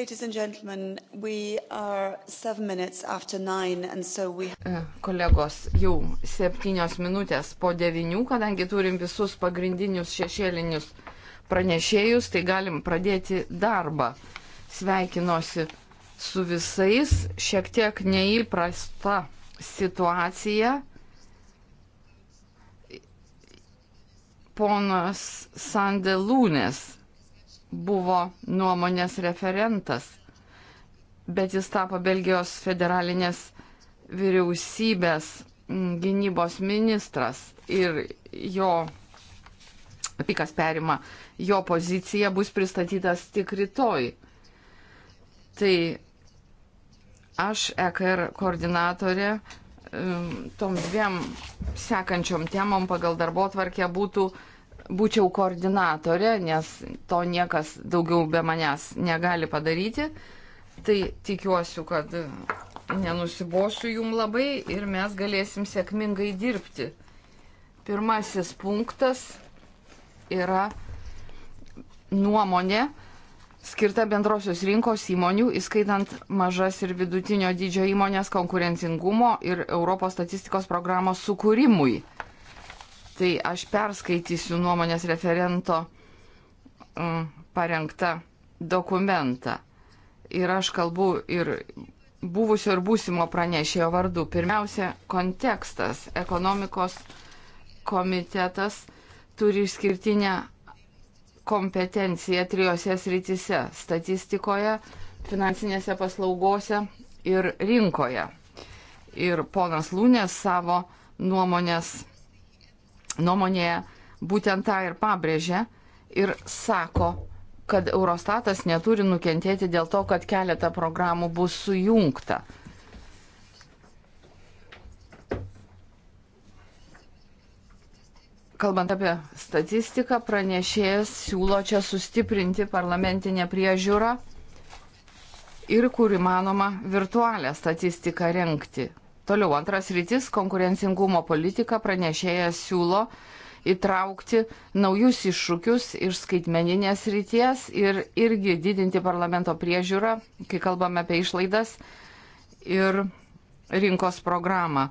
Ladies and gentlemen, we are seven minutes after nine, and so we... E, kolegos, jau septynios minutės po devinių, kadangi turim visus pagrindinius šešėlinius pranešėjus, tai galim pradėti darbą. Sveikinuosi su visais, šiek tiek neįprasta situacija. Ponas Sandelūnės buvo nuomonės referentas, bet jis tapo Belgijos federalinės vyriausybės mm, gynybos ministras ir jo pikas perima, jo pozicija bus pristatytas tik rytoj. Tai aš, EKR koordinatorė, mm, tom dviem sekančiom temom pagal darbo tvarkę būtų uh, būčiau koordinatorė, nes to niekas daugiau be manęs negali padaryti. Tai tikiuosi, kad nenusibosiu jum labai ir mes galėsim sėkmingai dirbti. Pirmasis punktas yra nuomonė skirta bendrosios rinkos įmonių, įskaitant mažas ir vidutinio dydžio įmonės konkurencingumo ir Europos statistikos programos sukūrimui tai aš perskaitysiu nuomonės referento mm, parengtą dokumentą. Ir aš kalbu ir buvusio ir būsimo pranešėjo vardu. Pirmiausia, kontekstas. Ekonomikos komitetas turi išskirtinę kompetenciją trijose srityse - statistikoje, finansinėse paslaugose ir rinkoje. Ir ponas Lūnės savo nuomonės nuomonėje būtent tą ir pabrėžia ir sako, kad Eurostatas neturi nukentėti dėl to, kad keletą programų bus sujungta. Kalbant apie statistiką, pranešėjas siūlo čia sustiprinti parlamentinę priežiūrą ir, kur įmanoma, virtualią statistiką renkti. Toliau antras rytis - konkurencingumo politika pranešėjas siūlo įtraukti naujus iššūkius iš skaitmeninės ryties ir irgi didinti parlamento priežiūrą, kai kalbame apie išlaidas ir rinkos programą.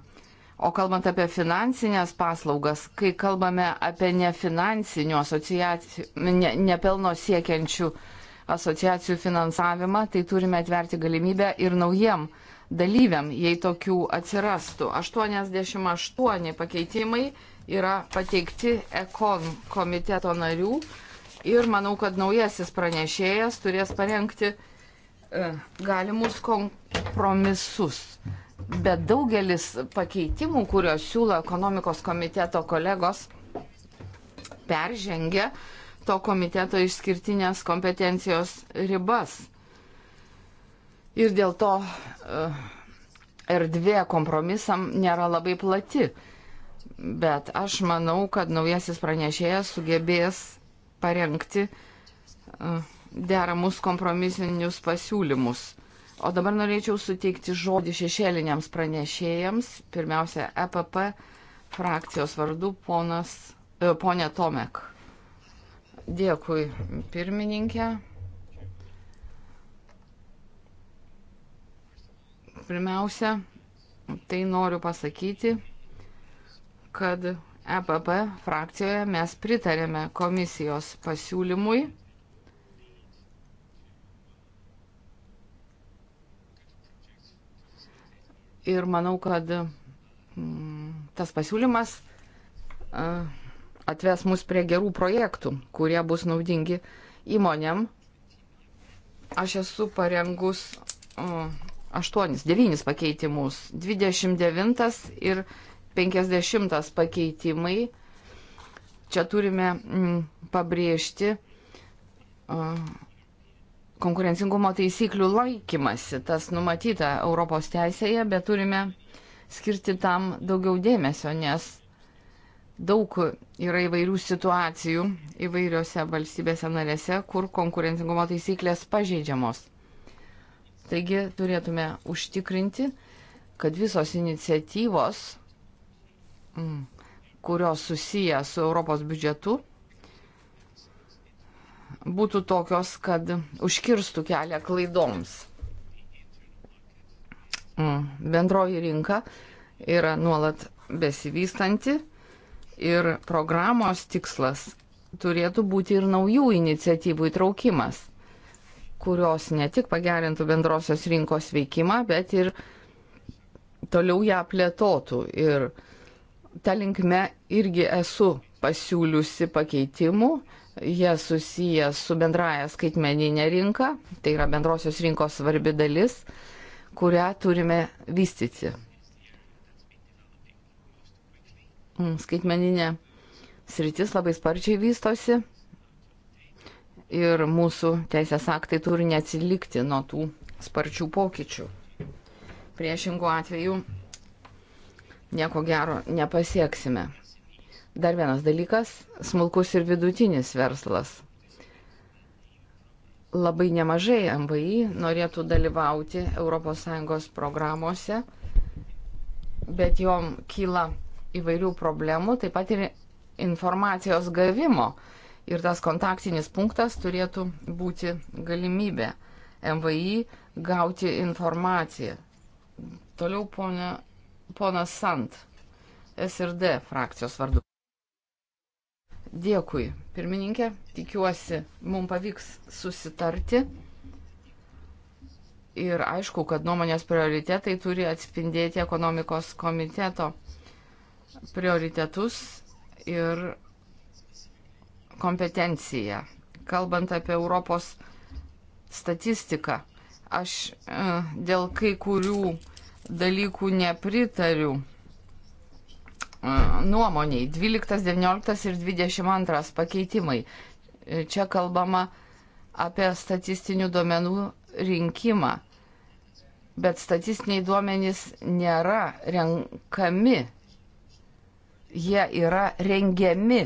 O kalbant apie finansinės paslaugas, kai kalbame apie nefinansinių asociacijų, ne, nepelno siekiančių asociacijų finansavimą, tai turime atverti galimybę ir naujiem uh, dalyviam, jei tokių atsirastų. 88 pakeitimai yra pateikti ekon komiteto narių ir manau, kad naujasis pranešėjas turės parengti e, galimus kompromisus. Bet daugelis pakeitimų, kuriuos siūlo ekonomikos komiteto kolegos, peržengia to komiteto išskirtinės kompetencijos ribas ir dėl to e, erdvė kompromisam nėra labai plati. Bet aš manau, kad naujasis pranešėjas sugebės parengti e, deramus kompromisinius pasiūlymus. O dabar norėčiau suteikti žodį šešėliniams pranešėjams. Pirmiausia, EPP frakcijos vardu ponas, e, ponė Tomek. Dėkui, pirmininkė. Pirmiausia, tai noriu pasakyti, kad EPP frakcijoje mes pritarėme komisijos pasiūlymui. Ir manau, kad mm, tas pasiūlymas e, atves mus prie gerų projektų, kurie bus naudingi įmonėm. Aš esu parengus 8, 9 pakeitimus. 29 ir 50 pakeitimai. Čia turime mm, pabrėžti uh, konkurencingumo taisyklių laikymasi. Tas numatyta Europos teisėje, bet turime skirti tam daugiau dėmesio, nes daug yra įvairių situacijų įvairiose valstybėse narėse, kur konkurencingumo taisyklės pažeidžiamos. Taigi turėtume užtikrinti, kad visos iniciatyvos, mm, kurios susiję su Europos biudžetu, būtų tokios, kad užkirstų kelią klaidoms. Mm, bendroji rinka yra nuolat besivystanti ir programos tikslas turėtų būti ir naujų iniciatyvų įtraukimas kurios ne tik pagerintų bendrosios rinkos veikimą, bet ir toliau ją plėtotų. Ir ta linkme irgi esu pasiūliusi pakeitimų, jie susiję su bendraja skaitmeninė rinka, tai yra bendrosios rinkos svarbi dalis, kurią turime vystyti. Mm, skaitmeninė sritis labai sparčiai vystosi ir mūsų teisės aktai turi neatsilikti nuo tų sparčių pokyčių. Priešingų atveju nieko gero nepasieksime. Dar vienas dalykas - smulkus ir vidutinis verslas. Labai nemažai MVI norėtų dalyvauti ES programuose, bet jom kyla įvairių problemų, taip pat ir informacijos gavimo uh, ir tas kontaktinis punktas turėtų būti galimybė MVI gauti informaciją. Toliau ponia, ponas Sant, SRD frakcijos vardu. Dėkui, pirmininkė, tikiuosi, mums pavyks susitarti. Ir aišku, kad nuomonės prioritetai turi atspindėti ekonomikos komiteto prioritetus ir kompetencija. Kalbant apie Europos statistiką, aš e, dėl kai kurių dalykų nepritariu e, nuomoniai. 12, 19 ir 22 pakeitimai. E, čia kalbama apie statistinių duomenų rinkimą. Bet statistiniai duomenys nėra renkami, jie yra rengiami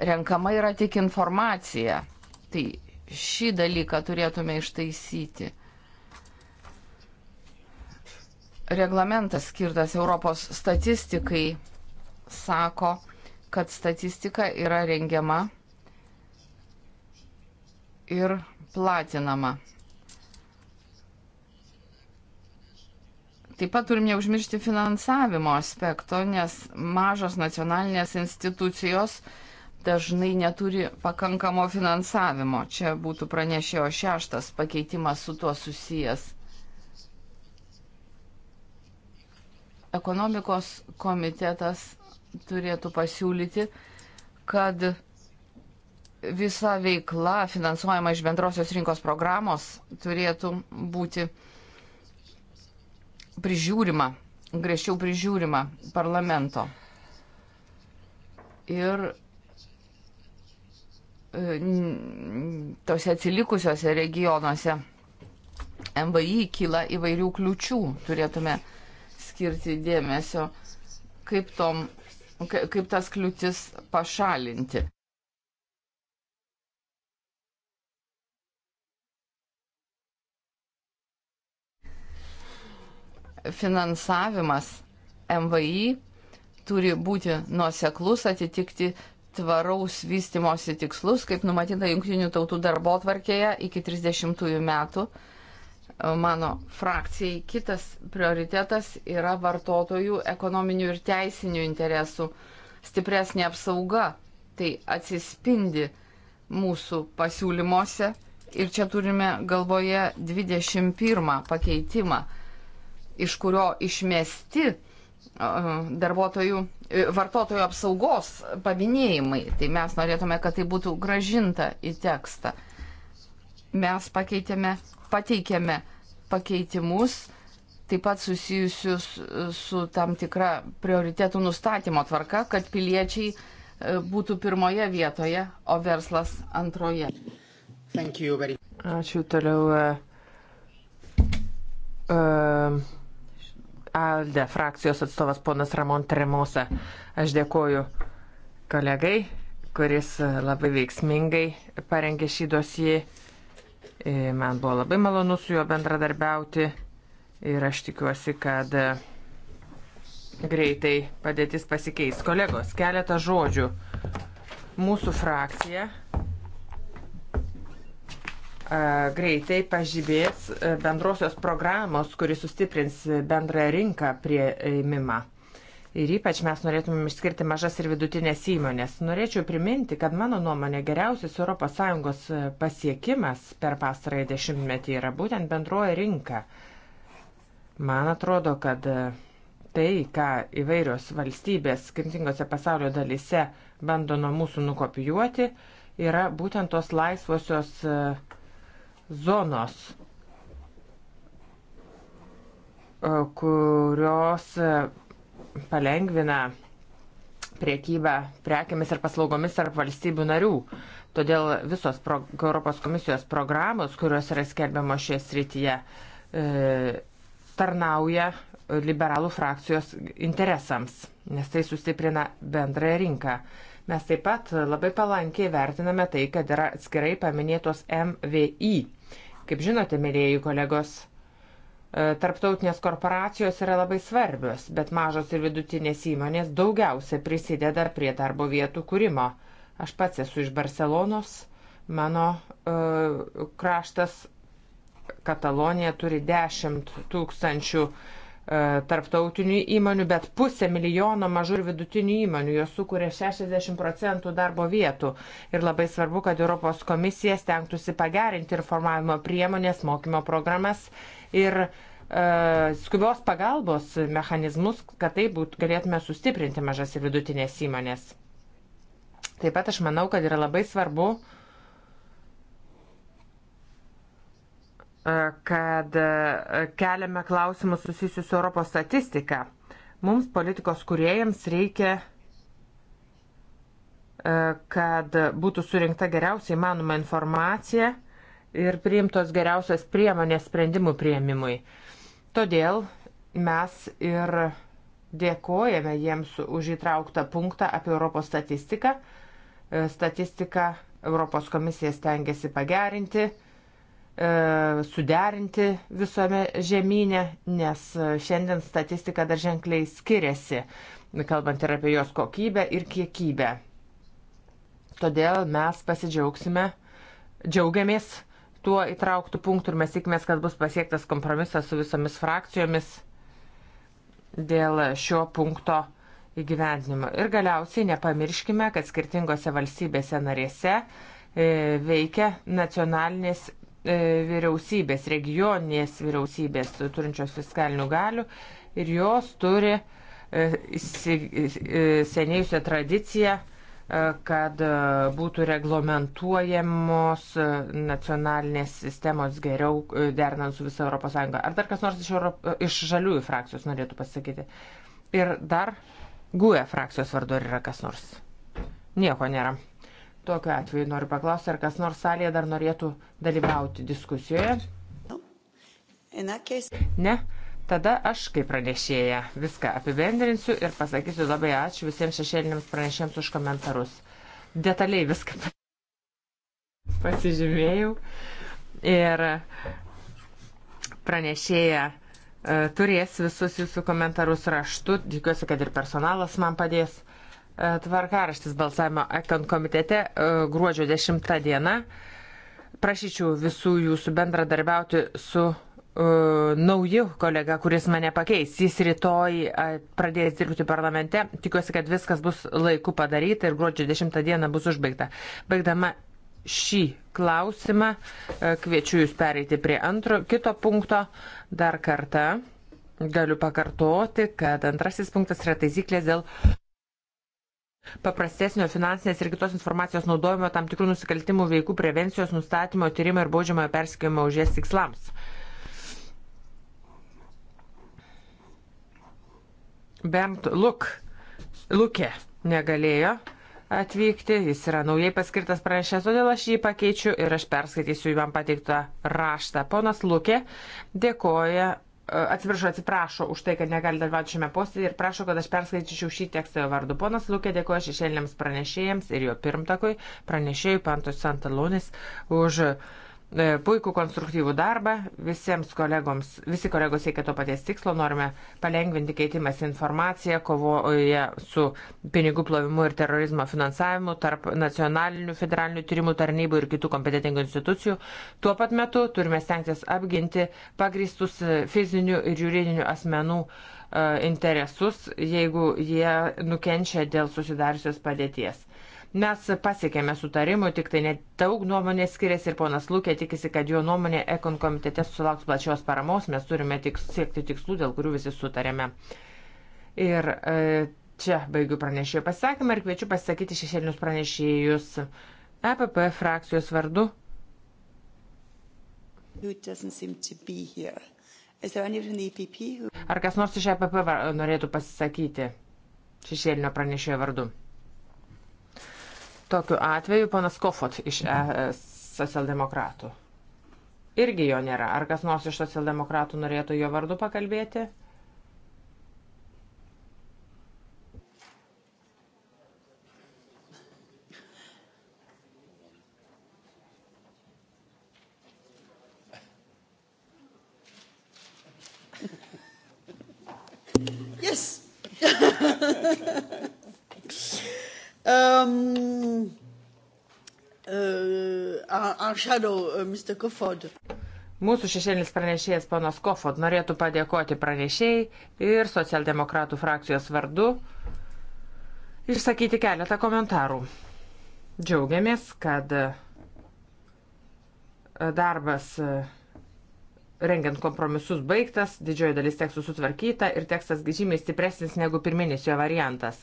renkama yra tik informacija. Tai šį dalyką turėtume ištaisyti. Reglamentas skirtas Europos statistikai sako, kad statistika yra rengiama ir platinama. Taip pat turim neužmiršti finansavimo aspekto, nes mažos nacionalinės institucijos uh, dažnai neturi pakankamo finansavimo. Čia būtų pranešėjo šeštas pakeitimas su tuo susijęs. Ekonomikos komitetas turėtų pasiūlyti, kad visa veikla finansuojama iš bendrosios rinkos programos turėtų būti prižiūrima, griežčiau prižiūrima parlamento. Ir tose atsilikusiose regionuose MVI kyla įvairių kliučių, turėtume skirti dėmesio, kaip, tom, kaip tas kliūtis pašalinti. Finansavimas MVI turi būti nuoseklus, atitikti tvaraus vystimosi tikslus, kaip numatyta Junktinių tautų darbo tvarkėje iki 30 metų. Mano frakcijai kitas prioritetas yra vartotojų ekonominių ir teisinių interesų stipresnė apsauga. Tai atsispindi mūsų pasiūlymuose ir čia turime galvoje 21 pakeitimą, iš kurio išmesti darbuotojų, e, vartotojų apsaugos paminėjimai. Tai mes norėtume, kad tai būtų gražinta į tekstą. Mes pakeitėme, pateikėme pakeitimus, taip pat susijusius su tam tikra prioritėtų nustatymo tvarka, kad piliečiai e, būtų pirmoje vietoje, o verslas antroje. Ačiū toliau. Uh, uh, ALDE frakcijos atstovas ponas Ramon Tremosa. Aš dėkoju kolegai, kuris labai veiksmingai parengė šį dosiją. E, man buvo labai malonu su juo bendradarbiauti ir aš tikiuosi, kad greitai padėtis pasikeis. Kolegos, keletą žodžių. Mūsų frakcija greitai pažymės bendrosios programos, kuris sustiprins bendrąją rinką prie įmimą. Ir ypač mes norėtumėm išskirti mažas ir vidutinės įmonės. Norėčiau priminti, kad mano nuomonė geriausias ES pasiekimas per pastarąjį dešimtmetį yra būtent bendroji rinka. Man atrodo, kad tai, ką įvairios valstybės skirtingose pasaulio dalise bando nuo mūsų nukopijuoti, yra būtent tos laisvosios uh, zonos, e, kurios e, palengvina priekybą prekiamis ir paslaugomis tarp valstybių narių. Todėl visos pro, Europos komisijos programos, kurios yra skelbiamos šioje srityje, e, tarnauja liberalų frakcijos interesams, nes tai sustiprina bendrąją rinką. Mes taip pat labai palankiai vertiname tai, kad yra atskirai paminėtos MVI Kaip žinote, mėlyjeji kolegos, e, tarptautinės korporacijos yra labai svarbios, bet mažos ir vidutinės įmonės daugiausia prisideda prie darbo vietų kūrimo. Aš pats esu iš Barcelonos, mano uh, kraštas Katalonija turi 10 tūkstančių uh, E, tarptautinių įmonių, bet pusę milijono mažų ir vidutinių įmonių, jos sukuria 60 procentų darbo vietų. Ir labai svarbu, kad Europos komisija stengtųsi pagerinti informavimo priemonės, mokymo programas ir e, skubios pagalbos mechanizmus, kad tai būt, galėtume sustiprinti mažas ir vidutinės įmonės. Taip pat aš manau, kad yra labai svarbu uh, kad e, keliame klausimus susijusius su Europos statistika. Mums politikos kuriejams reikia, e, kad būtų surinkta geriausiai manoma informacija ir priimtos geriausios priemonės sprendimų prieimimui. Todėl mes ir dėkojame jiems už įtrauktą punktą apie Europos statistiką. E, statistiką Europos komisija stengiasi pagerinti E, suderinti visame žemynė, nes šiandien statistika dar ženkliai skiriasi, kalbant ir apie jos kokybę ir kiekybę. Todėl mes pasidžiaugsime, džiaugiamės tuo įtrauktų punktų ir mes tikimės, kad bus pasiektas kompromisas su visomis frakcijomis dėl šio punkto įgyvendinimo. Ir galiausiai nepamirškime, kad skirtingose valstybėse narėse e, veikia nacionalinės E, vyriausybės, regioninės vyriausybės turinčios fiskalinių galių ir jos turi e, e, senėjusią tradiciją, kad būtų reglamentuojamos nacionalinės sistemos geriau dernant su visa ES. Ar dar kas nors iš, Europ... iš žaliųjų frakcijos norėtų pasakyti? Ir dar GUE frakcijos vardu yra kas nors. Nieko nėra. Tokiu atveju noriu paklausti, ar kas nors salėje dar norėtų dalyvauti diskusijoje. Ne. Tada aš kaip pranešėja viską apibendrinsiu ir pasakysiu labai ačiū visiems šešėliniams pranešėjams už komentarus. Detaliai viską pasižymėjau. Ir pranešėja e, turės visus jūsų komentarus raštu. Tikiuosi, kad ir personalas man padės. E, tvarkaraštis balsavimo Ekon komitete e, gruodžio 10 diena. Prašyčiau visų jūsų bendradarbiauti su uh, nauju kolega, kuris mane pakeis. Jis rytoj uh, pradės dirbti parlamente. Tikiuosi, kad viskas bus laiku padaryta ir gruodžio 10 dieną bus užbaigta. Baigdama šį klausimą, uh, kviečiu jūs pereiti prie antro, kito punkto. Dar kartą galiu pakartoti, kad antrasis punktas yra taisyklės dėl paprastesnio finansinės ir kitos informacijos naudojimo tam tikrų nusikaltimų veikų prevencijos nustatymo tyrimo ir baudžiamojo persikėjimo už jas tikslams. Bernd Luk, Lukė negalėjo atvykti, jis yra naujai paskirtas pranešęs, todėl aš jį pakeičiu ir aš perskaitysiu jam pateiktą raštą. Ponas Lukė dėkoja atsiprašau, atsiprašo už tai, kad negali dalyvauti šiame posėdėje ir prašo, kad aš perskaityčiau šį tekstą jo vardu. Ponas Lūkė dėkoja šešėliniams pranešėjams ir jo pirmtakui, pranešėjui Pantus Santalonis, už E, puikų konstruktyvų darbą. Visiems kolegoms, visi kolegos siekia to paties tikslo, norime palengvinti keitimas informaciją kovoje su pinigų plovimu ir terorizmo finansavimu tarp nacionalinių federalinių tyrimų tarnybų ir kitų kompetitingų institucijų. Tuo pat metu turime stengtis apginti pagristus fizinių ir juridinių asmenų e, interesus, jeigu jie nukenčia dėl susidariusios padėties. Mes pasiekėme sutarimų, tik tai nedaug nuomonės skiriasi ir ponas Lūkė tikisi, kad jo nuomonė Ekon komitete sulauks plačios paramos, mes turime tik siekti tikslų, dėl kurių visi sutarėme. Ir e, čia baigiu pranešėjų pasakymą ir kviečiu pasakyti šešėlinius pranešėjus EPP frakcijos vardu. E Ar kas nors iš EPP norėtų pasisakyti šešėlinio pranešėjo vardu? Tokiu atveju panas Kofot iš e, socialdemokratų. Irgi jo nėra. Ar kas nors iš socialdemokratų norėtų jo vardu pakalbėti? Yes. Um, uh, our shadow, uh, Mr. Kofod. Mūsų šešėlis pranešėjas panas Kofod norėtų padėkoti pranešėjai ir socialdemokratų frakcijos vardu išsakyti keletą komentarų. Džiaugiamės, kad uh, darbas uh, rengiant kompromisus baigtas, didžioji dalis tekstų sutvarkyta ir tekstas žymiai stipresnis negu pirminis jo variantas.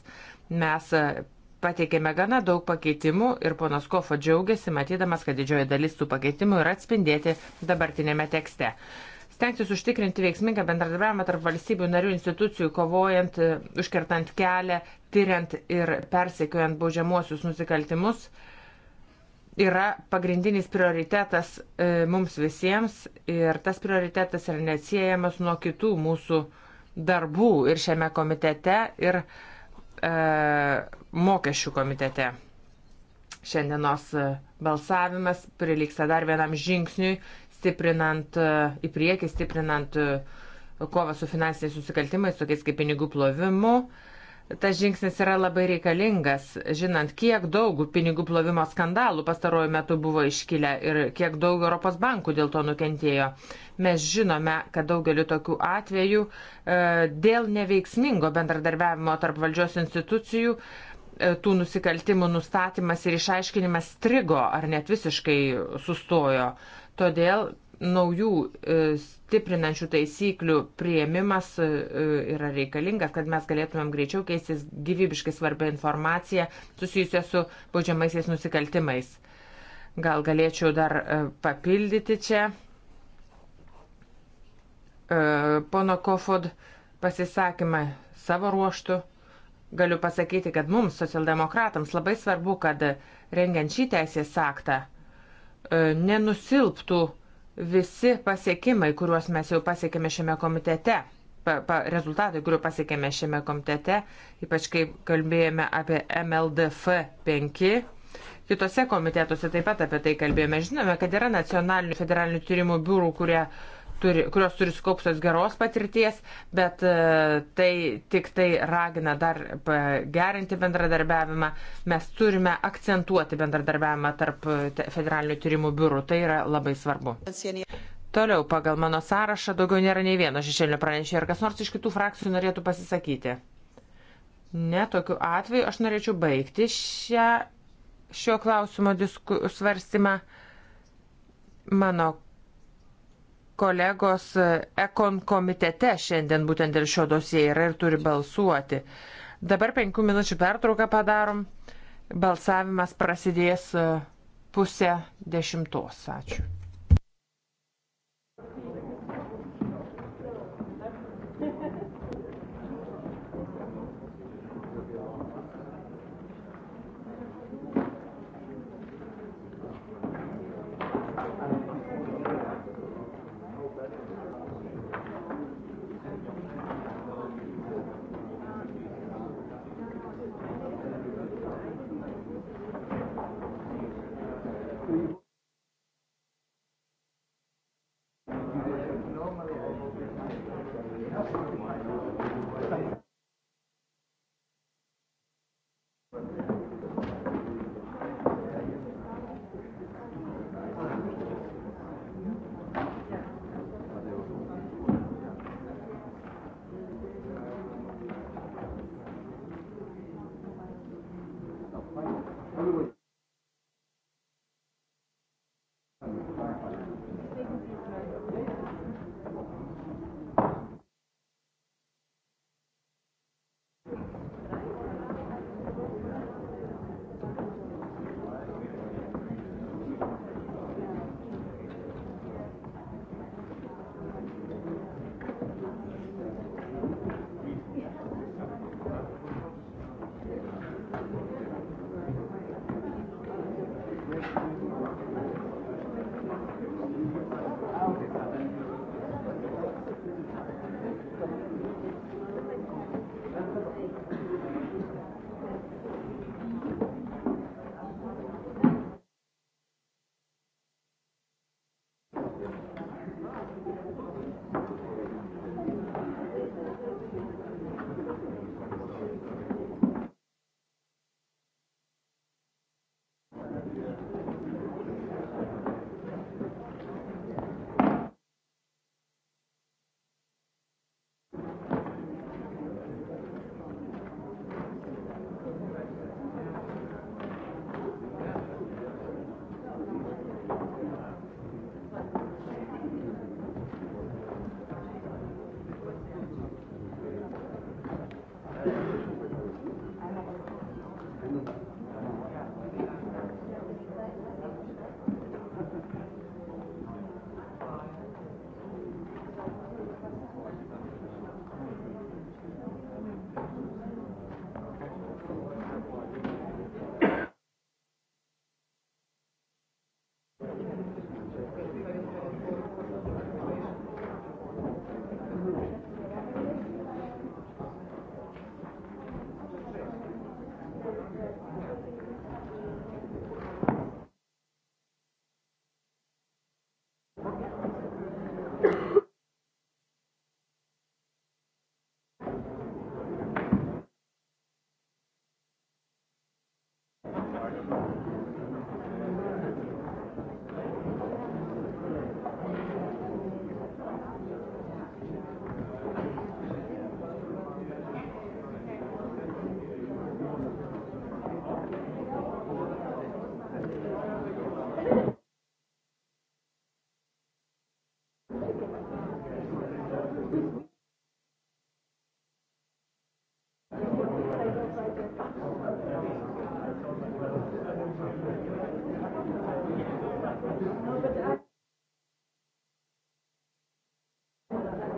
Mes uh, pateikėme gana daug pakeitimų ir ponas Kofo džiaugiasi, matydamas, kad didžioji dalis tų pakeitimų yra atspindėti dabartinėme tekste. Stengsis užtikrinti veiksmingą bendradarbiavimą tarp valstybių narių institucijų, kovojant, e, užkertant kelią, tyriant ir persekiojant baudžiamuosius nusikaltimus, yra pagrindinis prioritetas e, mums visiems ir tas prioritetas yra neatsiejamas nuo kitų mūsų darbų ir šiame komitete, ir e, e, mokesčių komitete. Šiandienos e, balsavimas priliksta dar vienam žingsniui, stiprinant e, į priekį, stiprinant e, kovą su finansiniais nusikaltimais, tokiais kaip pinigų plovimu. E, tas žingsnis yra labai reikalingas, žinant, kiek daug pinigų plovimo skandalų pastaruoju metu buvo iškilę ir kiek daug Europos bankų dėl to nukentėjo. Mes žinome, kad daugeliu tokių atvejų e, dėl neveiksmingo bendradarbiavimo tarp valdžios institucijų e, tų nusikaltimų nustatymas ir išaiškinimas strigo ar net visiškai sustojo. Todėl naujų e, stiprinančių taisyklių prieimimas e, yra reikalingas, kad mes galėtumėm greičiau keistis gyvybiškai svarbia informacija susijusia su baudžiamaisiais nusikaltimais. Gal galėčiau dar e, papildyti čia pono Kofod pasisakymą savo ruoštų. Galiu pasakyti, kad mums, socialdemokratams, labai svarbu, kad rengiant šį teisės aktą nenusilptų uh, visi pasiekimai, kuriuos mes jau pasiekėme šiame komitete, pa, pa, rezultatai, kuriuo pasiekėme šiame komitete, ypač kai kalbėjome apie MLDF 5. Kitose komitetuose taip pat apie tai kalbėjome. Žinome, kad yra nacionalinių federalinių tyrimų biurų, kurie uh, turi, kurios turi skauptos geros patirties, bet e, tai tik tai ragina dar pagerinti bendradarbiavimą. Mes turime akcentuoti bendradarbiavimą tarp e, federalinių tyrimų biurų. Tai yra labai svarbu. Toliau, pagal mano sąrašą daugiau nėra nei vieno šešėlinio pranešėjo. Ar kas nors iš kitų frakcijų norėtų pasisakyti? Ne, tokiu atveju aš norėčiau baigti šią, šio klausimo disku, svarstymą. Mano kolegos Ekon komitete šiandien būtent dėl šio dosie yra ir turi balsuoti. Dabar penkių minučių pertrauką padarom. Balsavimas prasidės e, pusę dešimtos. Ačiū.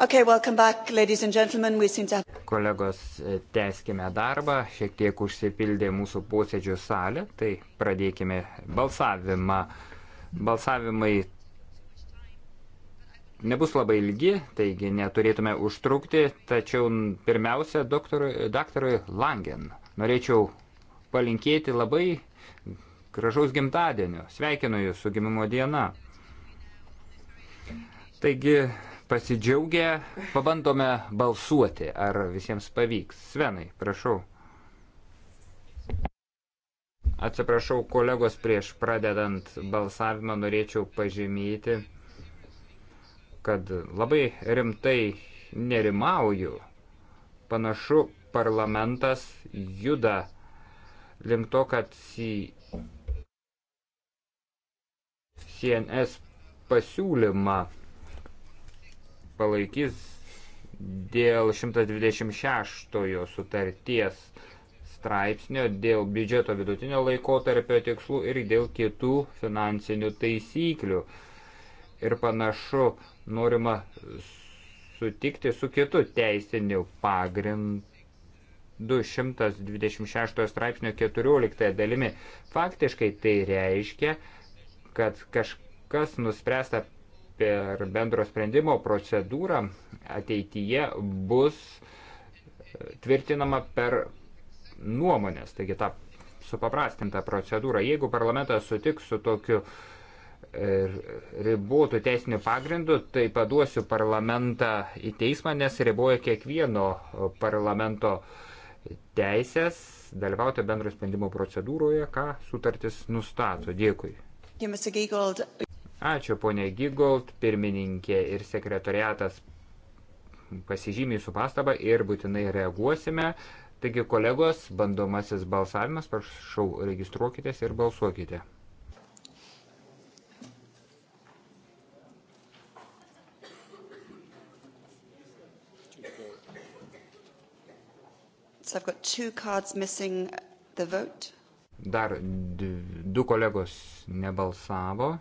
Okay, welcome back, ladies and gentlemen. We seem to have... Kolegos, e, tęskime darbą. Šiek tiek užsipildė mūsų posėdžių salė, tai pradėkime balsavimą. Balsavimai nebus labai ilgi, taigi neturėtume užtrukti, tačiau pirmiausia, doktorui, daktarui Langen. Norėčiau palinkėti labai gražaus gimtadienio. Sveikinu Jūs su gimimo diena. Taigi, pasidžiaugę, pabandome balsuoti, ar visiems pavyks. Svenai, prašau. Atsiprašau, kolegos, prieš pradedant balsavimą norėčiau pažymyti, kad labai rimtai nerimauju. Panašu, parlamentas juda link to, kad CNS pasiūlymą palaikys dėl 126 sutarties straipsnio, dėl biudžeto vidutinio laikotarpio tikslų ir dėl kitų finansinių taisyklių. Ir panašu, norima sutikti su kitu teisiniu pagrindu 226 straipsnio 14 dalimi. Faktiškai tai reiškia, kad kažkas nuspręsta per bendro sprendimo procedūrą ateityje bus tvirtinama per nuomonės, taigi tą supaprastintą procedūrą. Jeigu parlamentas sutiks su tokiu e, ribotų teisinių pagrindų, tai paduosiu parlamentą į teismą, nes riboja kiekvieno parlamento teisės dalyvauti bendro sprendimo procedūroje, ką sutartis nustato. Dėkui. Ačiū, ponė Gigold, pirmininkė ir sekretoriatas pasižymė su pastaba ir būtinai reaguosime. Taigi, kolegos, bandomasis balsavimas, prašau, registruokitės ir balsuokite. So I've got two cards missing the vote. Dar du kolegos nebalsavo.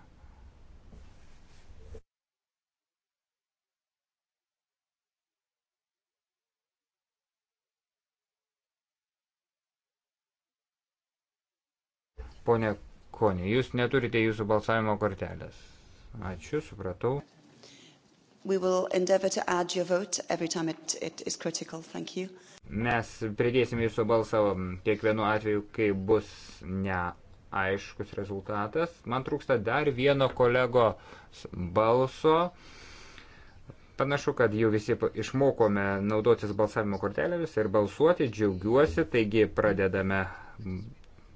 Pone Konė, jūs neturite jūsų balsavimo kortelės. Ačiū, supratau. It, it Mes pridėsime jūsų balsą kiekvienu atveju, kai bus neaiškus rezultatas. Man trūksta dar vieno kolego balso. Panašu, kad jau visi išmokome naudotis balsavimo kortelėmis ir balsuoti, džiaugiuosi, taigi pradedame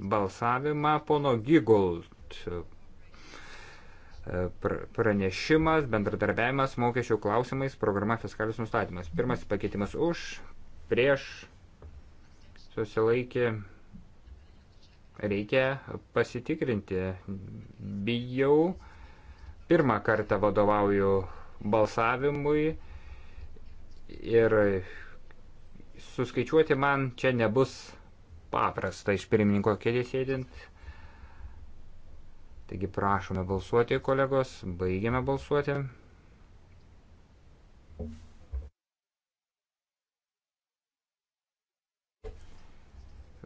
balsavimą pono Gigold e, pranešimas, bendradarbiavimas, mokesčių klausimais, programa fiskalinis nustatymas. Pirmasis pakeitimas už, prieš, susilaikė, reikia pasitikrinti. Bijau, pirmą kartą vadovauju balsavimui ir suskaičiuoti man čia nebus paprasta iš pirmininko kėdės sėdint. Taigi prašome balsuoti, kolegos, baigiame balsuoti.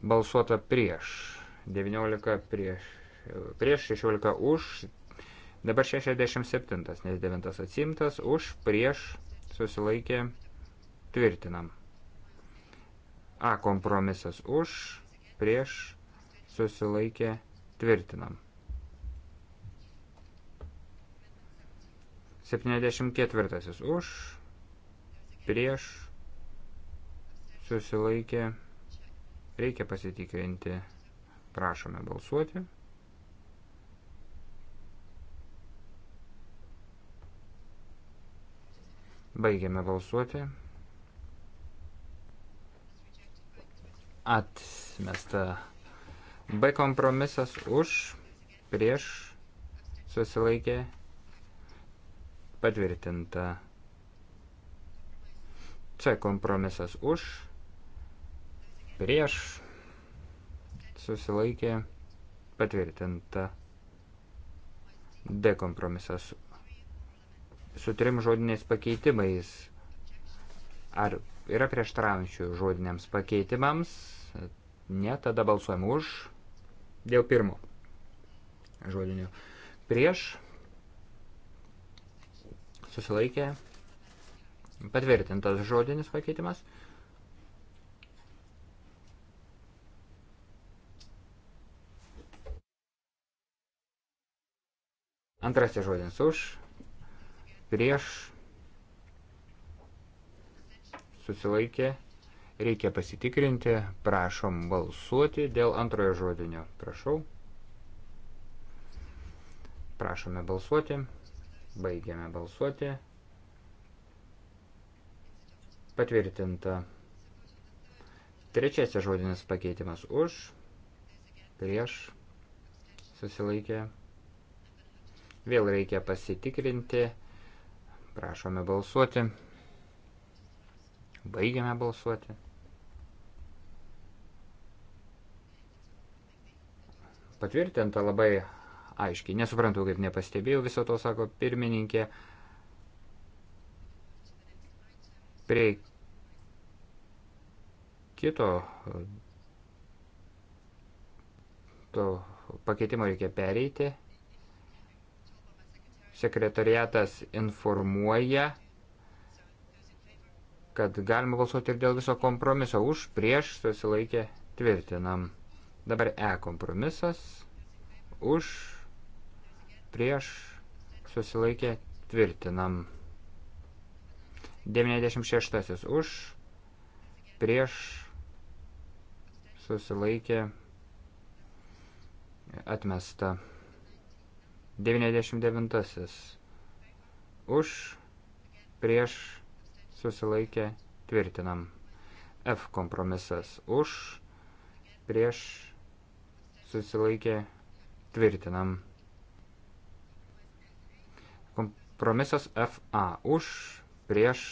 Balsuota prieš. 19 prieš. Prieš 16 už. Dabar 67, nes 9 atsimtas. Už prieš susilaikė tvirtinam. A kompromisas už, prieš, susilaikė, tvirtinam. 74 už, prieš, susilaikė, reikia pasitikrinti, prašome balsuoti. Baigiame balsuoti. atmesta. B kompromisas už, prieš, susilaikė, patvirtinta. C kompromisas už, prieš, susilaikė, patvirtinta. D kompromisas su trim žodiniais pakeitimais. Ar yra prieštaraujančių žodiniams pakeitimams? Ne, tada balsuojam už. Dėl pirmo žodinio. Prieš susilaikė patvirtintas žodinis pakeitimas. Antrasis žodinis už, prieš susilaikė Reikia pasitikrinti. Prašom balsuoti dėl antrojo žodinio. Prašau. Prašome balsuoti. Baigiame balsuoti. Patvirtinta. Trečiasis žodinis pakeitimas už, prieš, susilaikė. Vėl reikia pasitikrinti. Prašome balsuoti. Baigiame balsuoti. Patvirtinta labai aiškiai. Nesuprantu, kaip nepastebėjau viso to, sako pirmininkė. Prie kito to pakeitimo reikia pereiti. Sekretariatas informuoja kad galima balsuoti ir dėl viso kompromiso už, prieš, susilaikė, tvirtinam. Dabar E kompromisas, už, prieš, susilaikė, tvirtinam. 96 už, prieš, susilaikė, atmesta. 99 už, prieš, susilaikė susilaikė, tvirtinam. F kompromisas už, prieš, susilaikė, tvirtinam. Kompromisas FA už, prieš,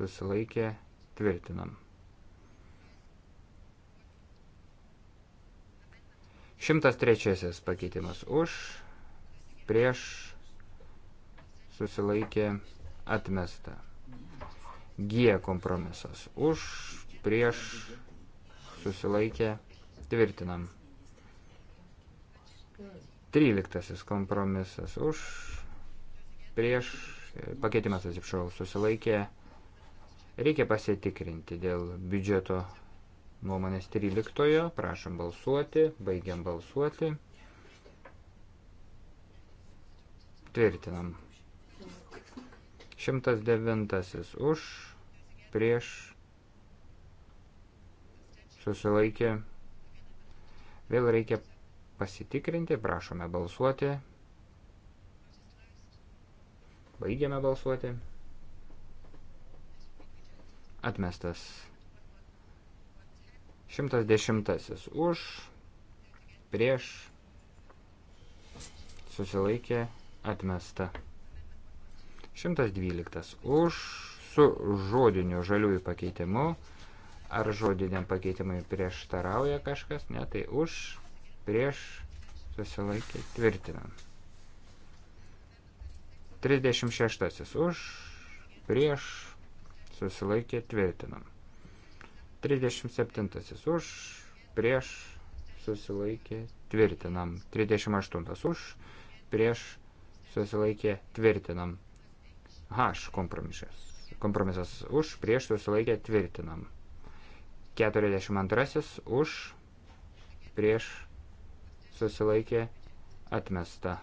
susilaikė, tvirtinam. 103 pakeitimas už, prieš, susilaikė, atmesta. G kompromisas. Už, prieš, susilaikė, tvirtinam. 13 kompromisas. Už, prieš, pakeitimas atsipšau, susilaikė. Reikia pasitikrinti dėl biudžeto nuomonės 13. Prašom balsuoti, baigiam balsuoti. Tvirtinam. 109 už prieš, susilaikė. Vėl reikia pasitikrinti, prašome balsuoti. Baigiame balsuoti. Atmestas. 110 už, prieš, susilaikė, atmesta. 112 už su žodiniu žaliųjų pakeitimu. Ar žodiniam pakeitimui prieštarauja kažkas? Ne, tai už, prieš, susilaikė, tvirtinam. 36 už, prieš, susilaikė, tvirtinam. 37 už, prieš, susilaikė, tvirtinam. 38 už, prieš, susilaikė, tvirtinam. H kompromisas. Kompromisas už, prieš susilaikė tvirtinam. 42 už, prieš susilaikė atmesta.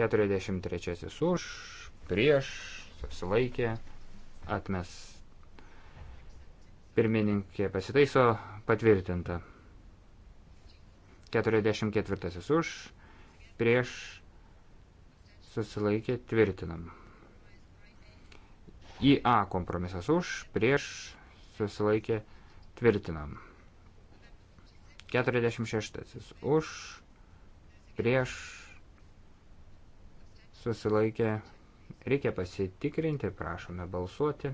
43 už, prieš susilaikė atmes. Pirmininkė pasitaiso patvirtinta. 44 už, prieš susilaikė tvirtinam. IA kompromisas už, prieš, susilaikė, tvirtinam. 46 už, prieš, susilaikė, reikia pasitikrinti, prašome balsuoti.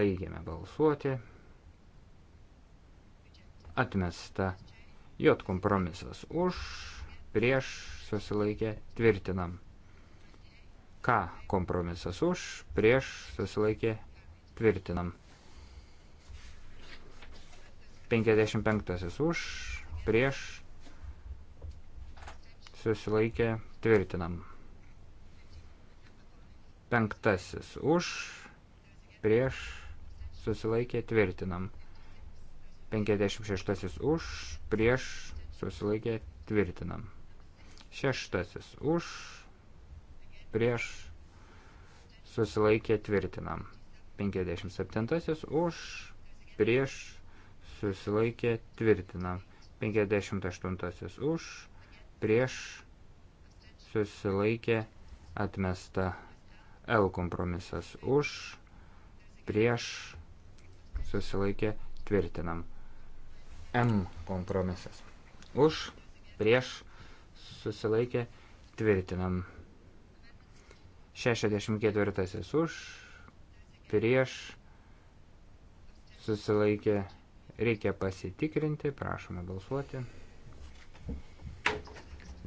Baigiame balsuoti. Atmesta. J kompromisas už, prieš, susilaikė, tvirtinam. K kompromisas už, prieš, susilaikė, tvirtinam. 55 už, prieš, susilaikė, tvirtinam. Penktasis už, prieš, susilaikė, tvirtinam. 56 už, prieš, susilaikė, tvirtinam. Šeštasis už, prieš susilaikė tvirtinam. 57 už prieš susilaikė tvirtinam. 58 už prieš susilaikė atmesta. L kompromisas už prieš susilaikė tvirtinam. M kompromisas už prieš susilaikė tvirtinam. 64 už, prieš, susilaikė, reikia pasitikrinti, prašome balsuoti.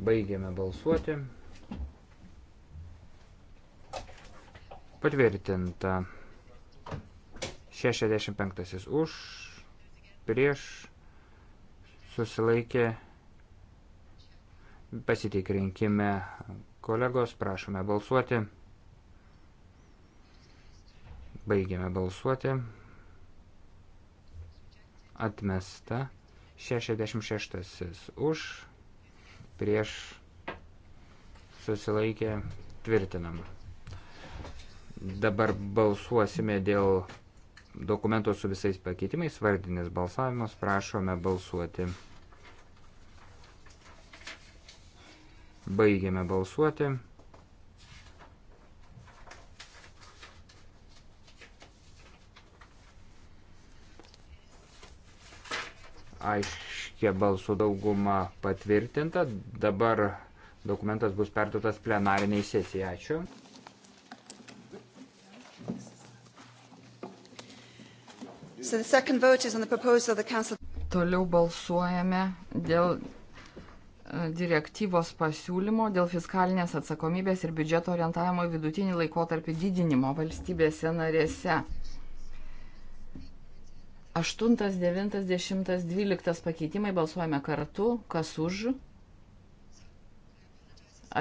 Baigiame balsuoti. Patvirtinta 65 už, prieš, susilaikė, pasitikrinkime Kolegos, prašome balsuoti. Baigiame balsuoti. Atmesta. 66 už. Prieš. Susilaikė. Tvirtinam. Dabar balsuosime dėl dokumento su visais pakeitimais. Vardinis balsavimas. Prašome balsuoti. Baigiame balsuoti. Aiškia balsų dauguma patvirtinta. Dabar dokumentas bus perduotas plenariniai sesijai. Ačiū. So Toliau balsuojame dėl direktyvos pasiūlymo dėl fiskalinės atsakomybės ir biudžeto orientavimo į vidutinį laikotarpį didinimo valstybėse narėse. 8, 9, 10, 12 pakeitimai balsuojame kartu, kas už.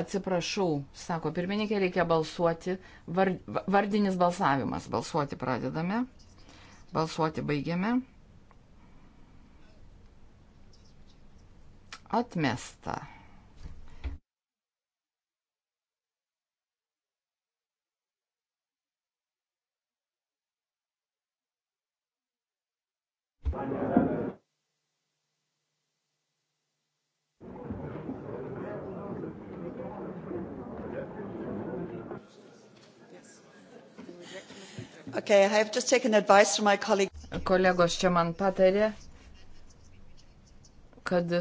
Atsiprašau, sako pirmininkė, reikia balsuoti, vardinis balsavimas. Balsuoti pradedame, balsuoti baigiame. Atmesta. Okay, I have just taken advice from my colleague. Kolegos čia man patarė, kad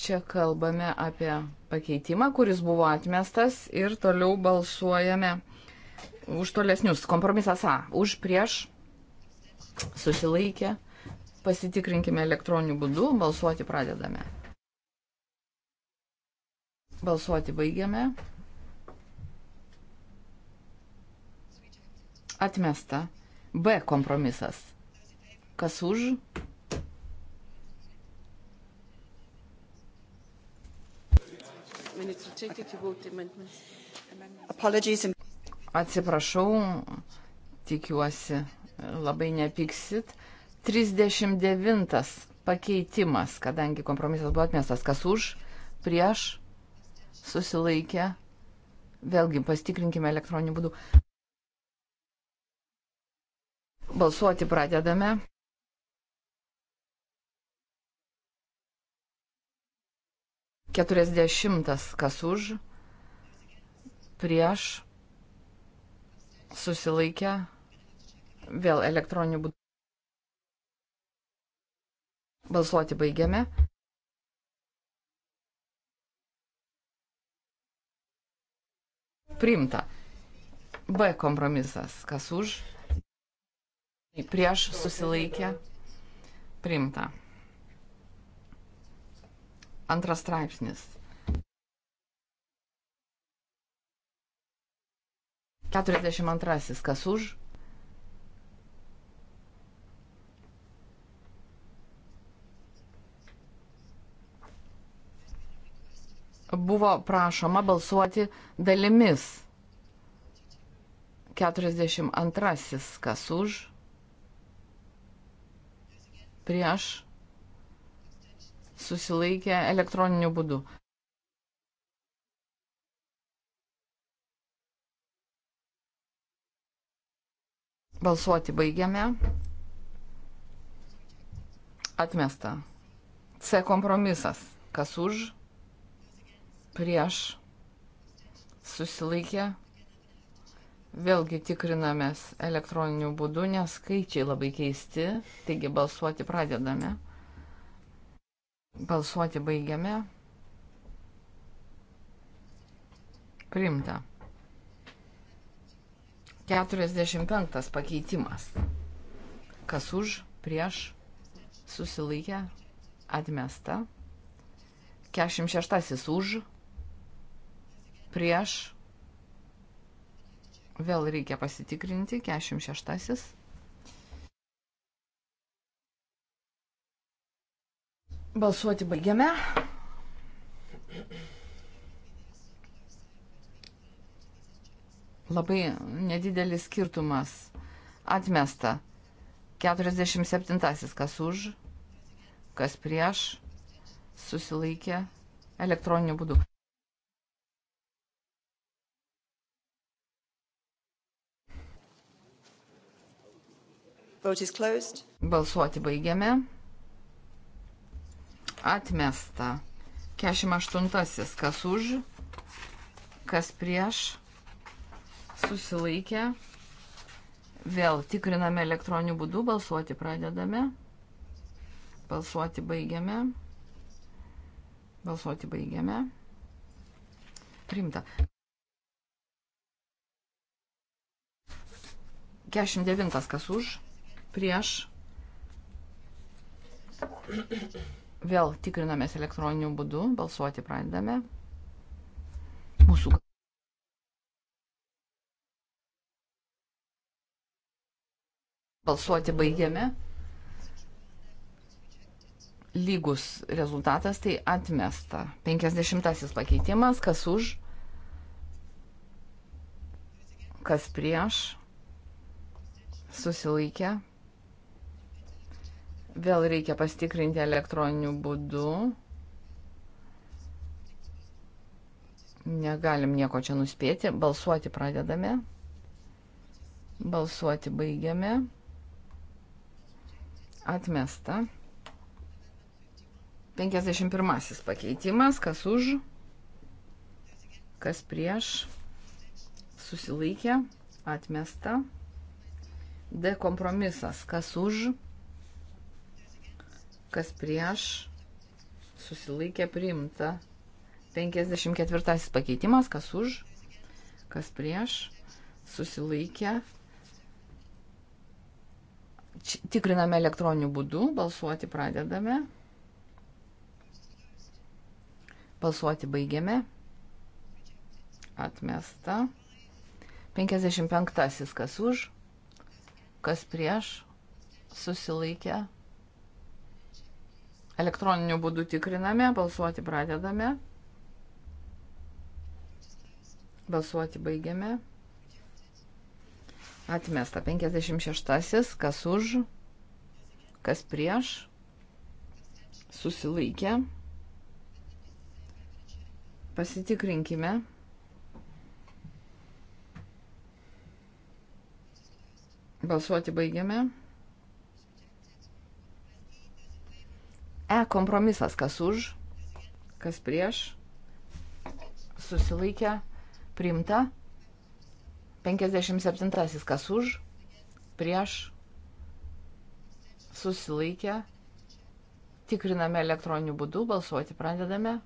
Čia kalbame apie pakeitimą, kuris buvo atmestas ir toliau balsuojame už tolesnius. Kompromisas A. Už prieš susilaikę. Pasitikrinkime elektroniniu būdu. Balsuoti pradedame. Balsuoti baigiame. Atmesta. B kompromisas. Kas už? Atsiprašau, tikiuosi, labai nepiksit. 39 pakeitimas, kadangi kompromisas buvo atmestas, kas už, prieš, susilaikė. Vėlgi pastikrinkime elektroniniu būdu. Balsuoti pradedame. 40 kas už, prieš, susilaikę, vėl elektroniniu būdu. Balsuoti baigiame. Primta. B kompromisas. Kas už? Prieš susilaikę. Primta. Antras straipsnis. 42. Kas už? Buvo prašoma balsuoti dalimis. 42. Kas už? Prieš susilaikė elektroniniu būdu. Balsuoti baigiame. Atmesta. C kompromisas. Kas už, prieš, susilaikė. Vėlgi tikrinamės elektroniniu būdu, nes skaičiai labai keisti, taigi balsuoti pradedame. Balsuoti baigiame. Primta. 45 pakeitimas. Kas už, prieš, susilaikę, atmesta. 46 už, prieš, vėl reikia pasitikrinti, 46. Balsuoti baigiame. Labai nedidelis skirtumas. Atmesta. 47. Kas už, kas prieš, susilaikė elektroniniu būdu. Balsuoti baigiame atmesta. 48. Kas už, kas prieš, susilaikė. Vėl tikriname elektroniniu būdu, balsuoti pradedame. Balsuoti baigiame. Balsuoti baigiame. Primta. 49 kas už, prieš, Vėl tikrinamės elektroniniu būdu, balsuoti pradedame. Mūsų. Balsuoti baigiame. Lygus rezultatas tai atmesta. 50 pakeitimas, kas už, kas prieš, susilaikė Vėl reikia pastikrinti elektroniniu būdu. Negalim nieko čia nuspėti. Balsuoti pradedame. Balsuoti baigiame. Atmesta. 51 pakeitimas. Kas už? Kas prieš? Susilaikė. Atmesta. D kompromisas. Kas už? Kas už? kas prieš, susilaikė priimta. 54 pakeitimas, kas už, kas prieš, susilaikė. Tikriname elektroniniu būdu, balsuoti pradedame. Balsuoti baigiame. Atmesta. 55 kas už, kas prieš, susilaikė Elektroniniu būdu tikriname, balsuoti pradedame. Balsuoti baigiame. Atmesta 56, kas už, kas prieš, susilaikė. Pasitikrinkime. Balsuoti baigiame. E kompromisas, kas už, kas prieš, susilaikė, priimta. 57 kas už, prieš, susilaikė, tikriname elektroniniu būdu, balsuoti pradedame.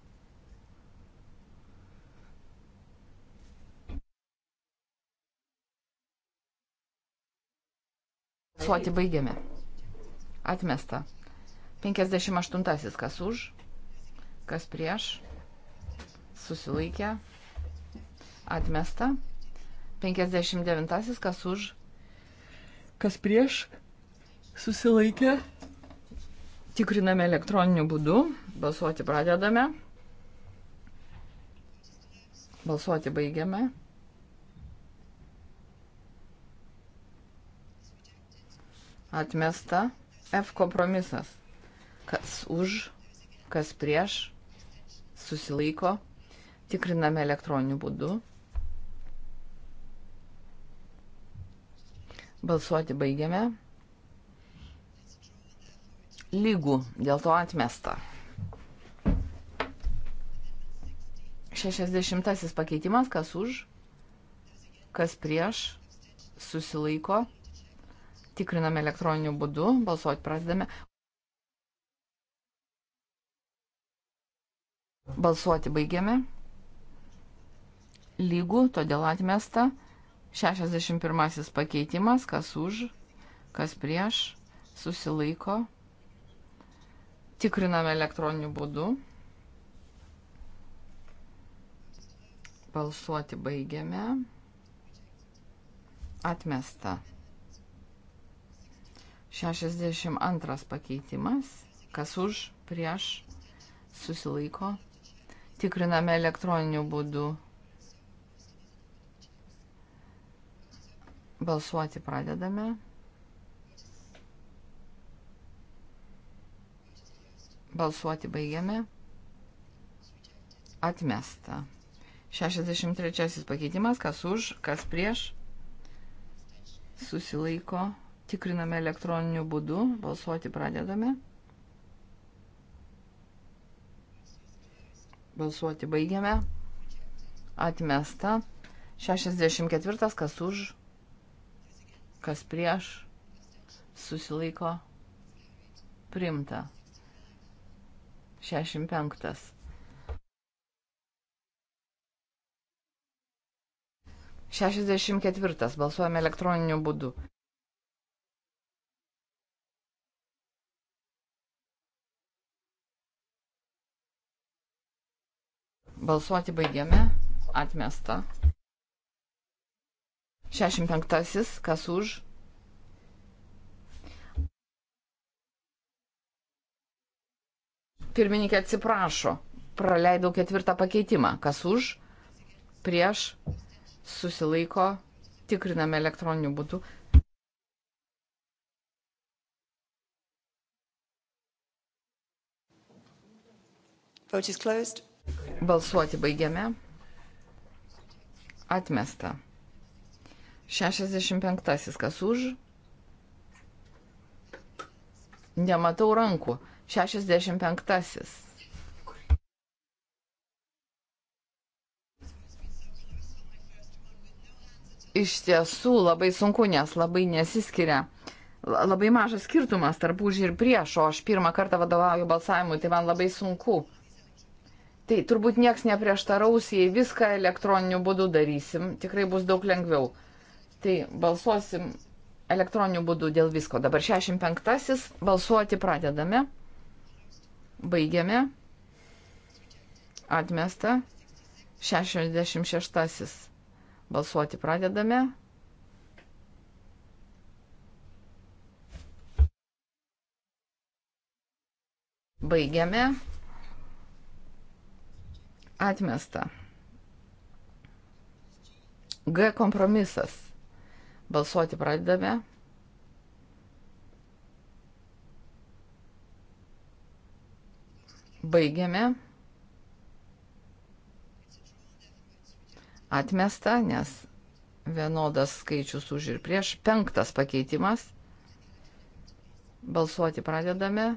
Balsuoti baigiame. Atmesta. 58 kas už, kas prieš, susilaikė, atmesta. 59 kas už, kas prieš, susilaikė. Tikriname elektroniniu būdu, balsuoti pradedame. Balsuoti baigiame. Atmesta F kompromisas kas už, kas prieš, susilaiko, tikriname elektroniniu būdu. Balsuoti baigiame. Lygų, dėl to atmesta. 60 pakeitimas, kas už, kas prieš, susilaiko. Tikriname elektroniniu būdu, balsuoti pradedame. Balsuoti baigiame. Lygų, todėl atmesta. 61 pakeitimas, kas už, kas prieš, susilaiko. Tikriname elektroniniu būdu. Balsuoti baigiame. Atmesta. 62 pakeitimas, kas už, prieš, susilaiko tikriname elektroniniu būdu. Balsuoti pradedame. Balsuoti baigiame. Atmesta. 63 pakeitimas, kas už, kas prieš. Susilaiko. Tikriname elektroniniu būdu. Balsuoti pradedame. Balsuoti baigiame. Atmesta. 64. Kas už? Kas prieš? Susilaiko. Primta. 65. 64. Balsuojame elektroniniu būdu. Balsuoti baigiame. Atmesta. 65. Kas už? Pirmininkė atsiprašo. Praleidau ketvirtą pakeitimą. Kas už? Prieš? Susilaiko. Tikriname elektroniniu būdu. Vote is closed. Balsuoti baigiame. Atmesta. 65. Kas už? Nematau rankų. 65. Iš tiesų labai sunku, nes labai nesiskiria labai mažas skirtumas tarp už ir prieš, o aš pirmą kartą vadovauju balsavimui, tai man labai sunku. Tai turbūt nieks neprieštaraus, jei viską elektroniniu būdu darysim, tikrai bus daug lengviau. Tai balsuosim elektroniniu būdu dėl visko. Dabar 65-asis, balsuoti pradedame, baigiame, atmesta, 66-asis, balsuoti pradedame. Baigiame. Atmesta. G kompromisas. Balsuoti pradedame. Baigiame. Atmesta, nes vienodas skaičius už ir prieš. Penktas pakeitimas. Balsuoti pradedame.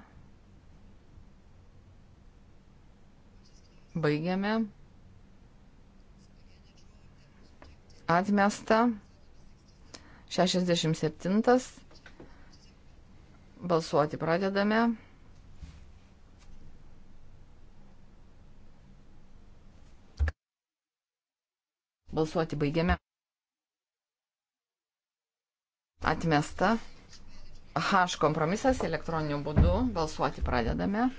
Baigiame. Atmesta. 67. Balsuoti pradedame. Balsuoti baigiame. Atmesta. H kompromisas elektroniniu būdu. Balsuoti pradedame.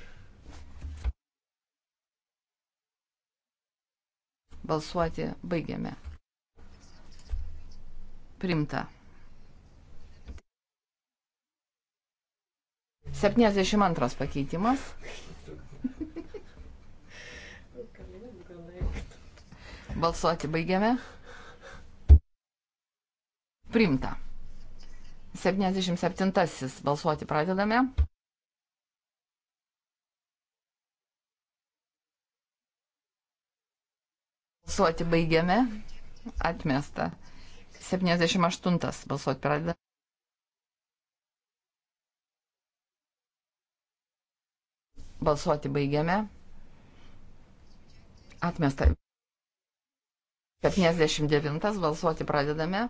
Balsuoti baigiame. Primta. 72 pakeitimas. Balsuoti baigiame. Primta. 77. Balsuoti pradedame. Balsuoti baigiame. Atmesta. 78 balsuoti pradeda. Balsuoti baigiame. Atmesta. 79 balsuoti pradedame.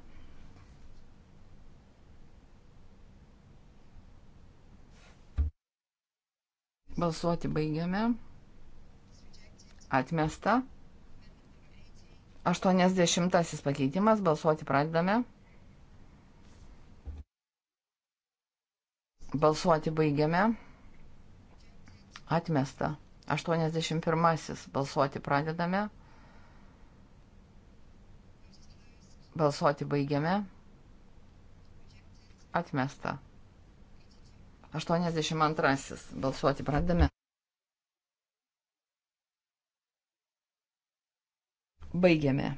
Balsuoti baigiame. Atmesta. 80 pakeitimas, balsuoti pradedame. Balsuoti baigiame. Atmesta. 81. Balsuoti pradedame. Balsuoti baigiame. Atmesta. 82. Balsuoti pradedame. Baigiame.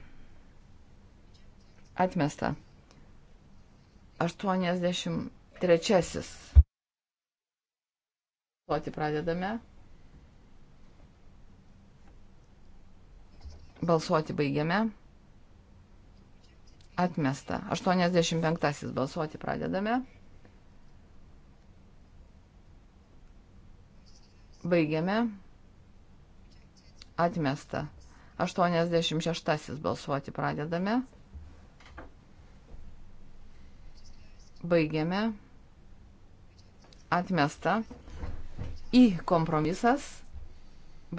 Atmesta. 83. Ploti pradedame. Balsuoti baigiame. Atmesta. 85 balsuoti pradedame. Baigiame. Atmesta. 86 balsuoti pradedame. Baigiame. Atmesta. Į kompromisas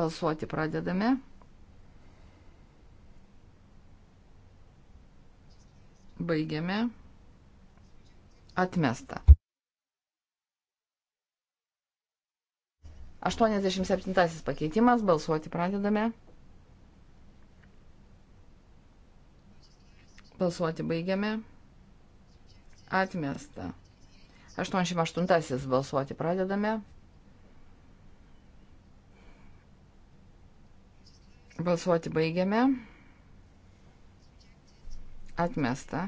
balsuoti pradedame. Baigiame. Atmesta. 87 pakeitimas, balsuoti pradedame. Balsuoti baigiame. Atmesta. 88 balsuoti pradedame. Balsuoti baigiame. Atmesta.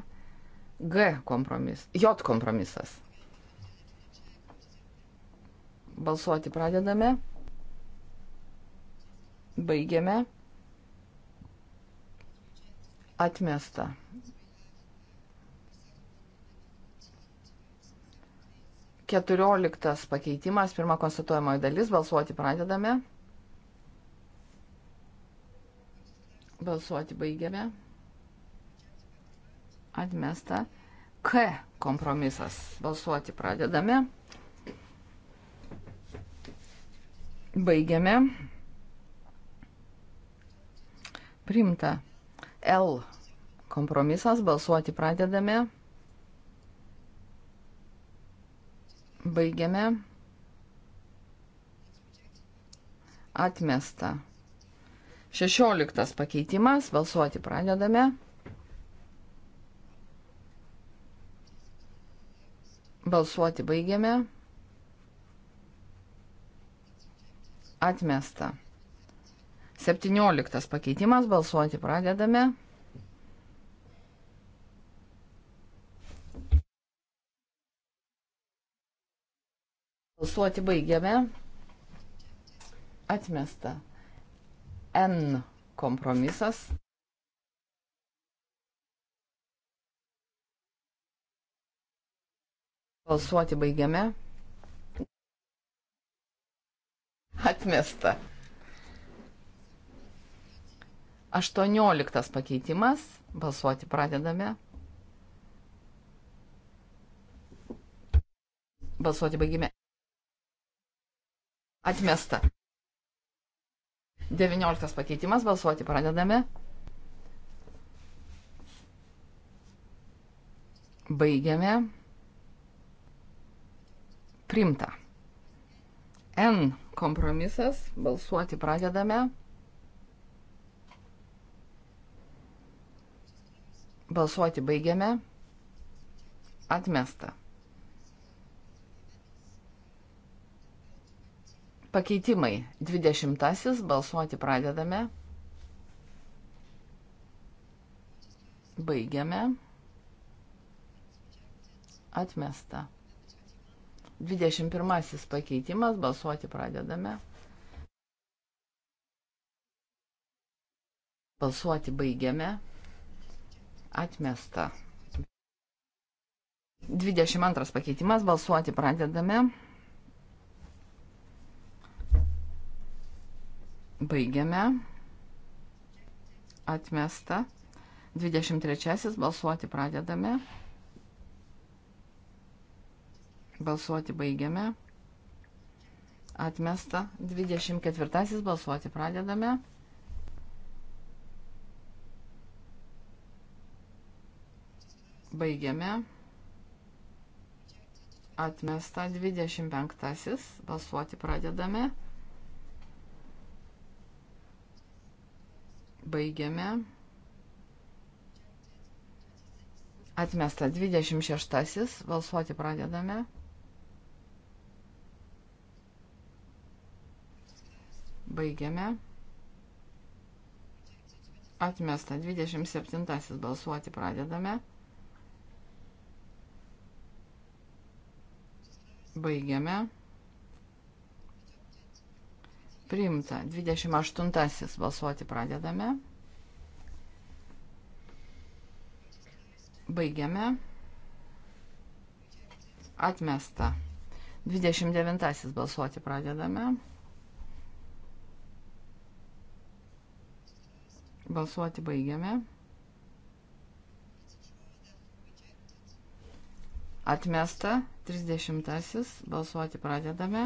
G kompromis. J kompromisas. Balsuoti pradedame. Baigiame. Atmesta. 14 pakeitimas, pirma konstatuojamoji dalis, balsuoti pradedame. Balsuoti baigiame. Atmesta. K kompromisas. Balsuoti pradedame. Baigiame. Primta. L kompromisas. Balsuoti pradedame. Baigiame. Atmesta. 16 pakeitimas. Balsuoti pradedame. Balsuoti baigiame. Atmesta. 17 pakeitimas. Balsuoti pradedame. Balsuoti baigiame. Atmesta. N kompromisas. Balsuoti baigiame. Atmesta. 18 pakeitimas. Balsuoti pradedame. Balsuoti baigime. Atmesta. 19 pakeitimas, balsuoti pradedame. Baigiame. Primta. N kompromisas, balsuoti pradedame. Balsuoti baigiame. Atmesta. Pakeitimai. Dvidešimtasis. Balsuoti pradedame. Baigiame. Atmesta. 21 pakeitimas, balsuoti pradedame. Balsuoti baigiame. Atmesta. 22 pakeitimas, balsuoti pradedame. Baigiame. Atmesta. 23. Balsuoti pradedame. Balsuoti baigiame. Atmesta. 24. Balsuoti pradedame. Baigiame. Atmesta. 25. Balsuoti pradedame. Baigiame. Atmesta 26. Valsuoti pradedame. Baigiame. Atmesta 27. Balsuoti pradedame. Baigiame priimta. 28 balsuoti pradedame. Baigiame. Atmesta. 29 balsuoti pradedame. Balsuoti baigiame. Atmesta. 30 balsuoti pradedame.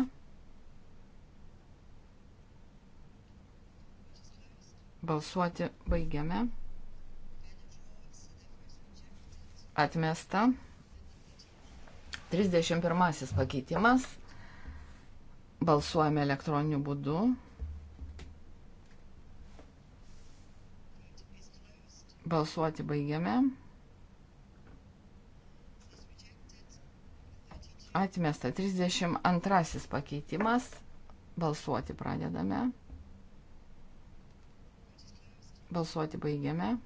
Balsuoti baigiame. Atmesta. 31 pakeitimas. Balsuojame elektroniniu būdu. Balsuoti baigiame. Atmesta 32 pakeitimas. Balsuoti pradedame. Balsuoti baigiame.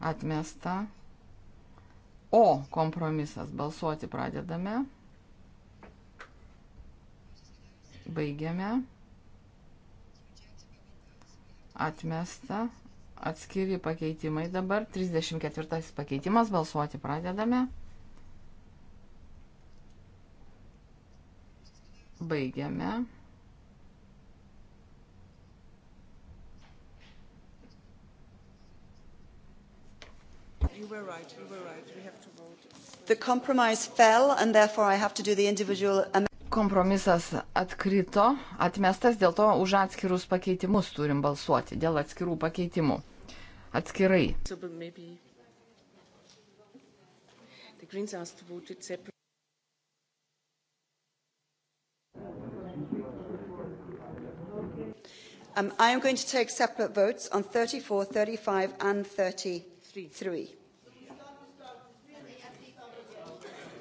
Atmesta. O kompromisas. Balsuoti pradedame. Baigiame. Atmesta. Atskiri pakeitimai dabar. 34 pakeitimas. Balsuoti pradedame. Baigiame. were right. You were right. We have to vote. The compromise fell, and therefore I have to do the individual. Kompromisas atkrito, atmestas, dėl to už atskirus pakeitimus turim balsuoti, dėl atskirų pakeitimų. Atskirai. So, Greens asked to vote it separately. Um, I am going to take separate votes on 34, 35 and 33. Three.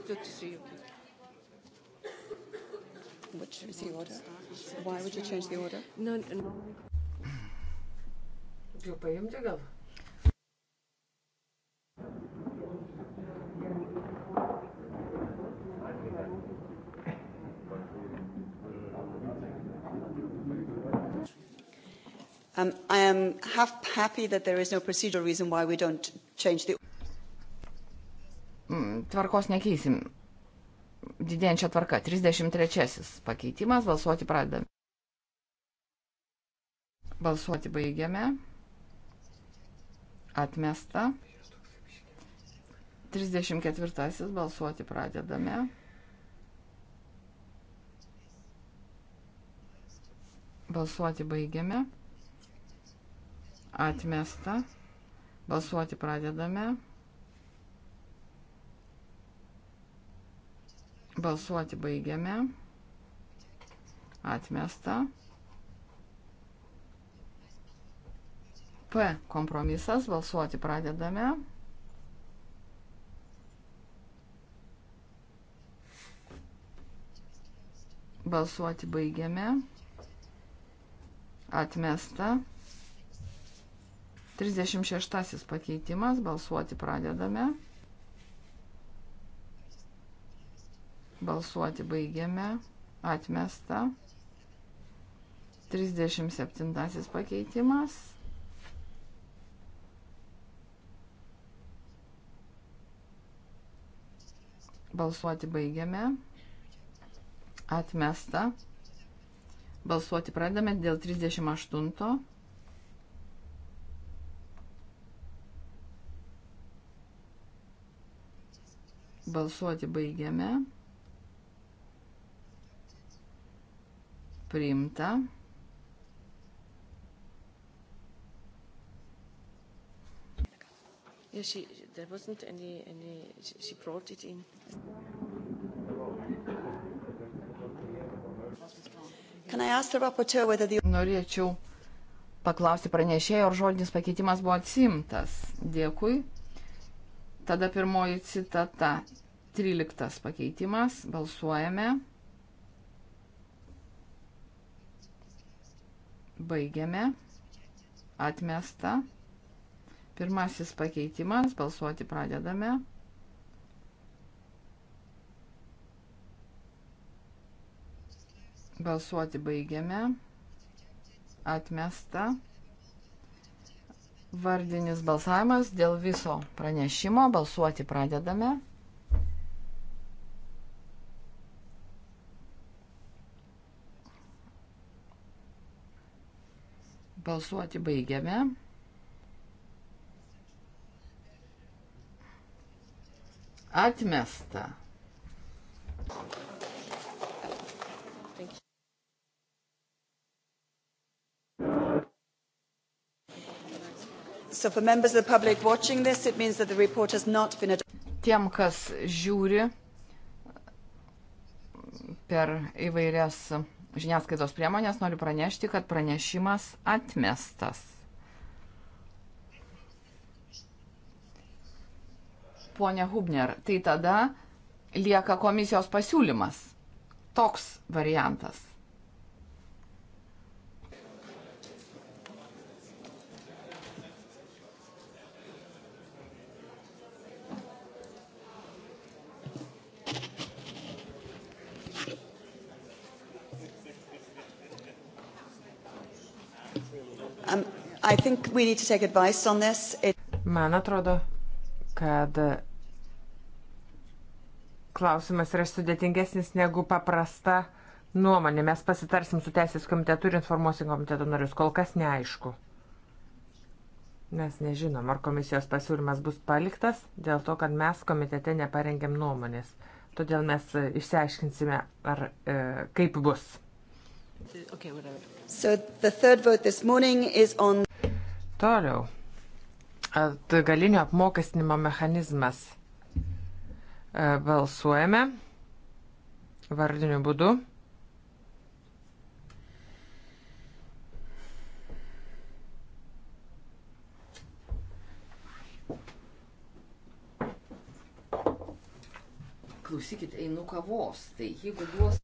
Good to see you. Which is the order? Why would you change the order? No, no. Jau paimti gal? Um, I am half happy that there is no procedural reason why we don't change the tvarkos nekeisim. Didėjančia tvarka. 33 pakeitimas. Balsuoti pradedame. Balsuoti baigiame. Atmesta. 34 balsuoti pradedame. Balsuoti baigiame. Atmesta. Balsuoti pradedame. Balsuoti baigiame. Atmesta. P kompromisas. Balsuoti pradedame. Balsuoti baigiame. Atmesta. 36 pakeitimas. Balsuoti pradedame. Balsuoti baigiame. Atmesta. 37 pakeitimas. Balsuoti baigiame. Atmesta. Balsuoti pradame dėl 38. Balsuoti baigiame. priimta. Yeah, she, there wasn't any, any, she brought it in. Can I ask the rapporteur whether the... Norėčiau paklausti pranešėjo, ar žodinis pakeitimas buvo atsimtas. Dėkui. Tada pirmoji citata. 13 pakeitimas. Balsuojame. Baigiame. Atmesta. Pirmasis pakeitimas. Balsuoti pradedame. Balsuoti baigiame. Atmesta. Vardinis balsavimas dėl viso pranešimo. Balsuoti pradedame. Balsuoti baigiame. Atmesta. So for members of the public watching this, it means that the report has not been adopted. Tiem, kas žiūri per įvairias žiniasklaidos priemonės, noriu pranešti, kad pranešimas atmestas. Pone Hubner, tai tada lieka komisijos pasiūlymas. Toks variantas. Man atrodo, kad klausimas yra sudėtingesnis negu paprasta nuomonė. Mes pasitarsim su Teisės komitetu ir informuosim komiteto narius. Kol kas neaišku. Mes nežinom, ar komisijos pasiūlymas bus paliktas, dėl to, kad mes komitete neparengėm nuomonės. Todėl mes išsiaiškinsime, ar, e, kaip bus. Okay, so on... Toliau. Atgalinio apmokestinimo mechanizmas. E, balsuojame vardiniu būdu. klausykit, einu kavos, tai jeigu duos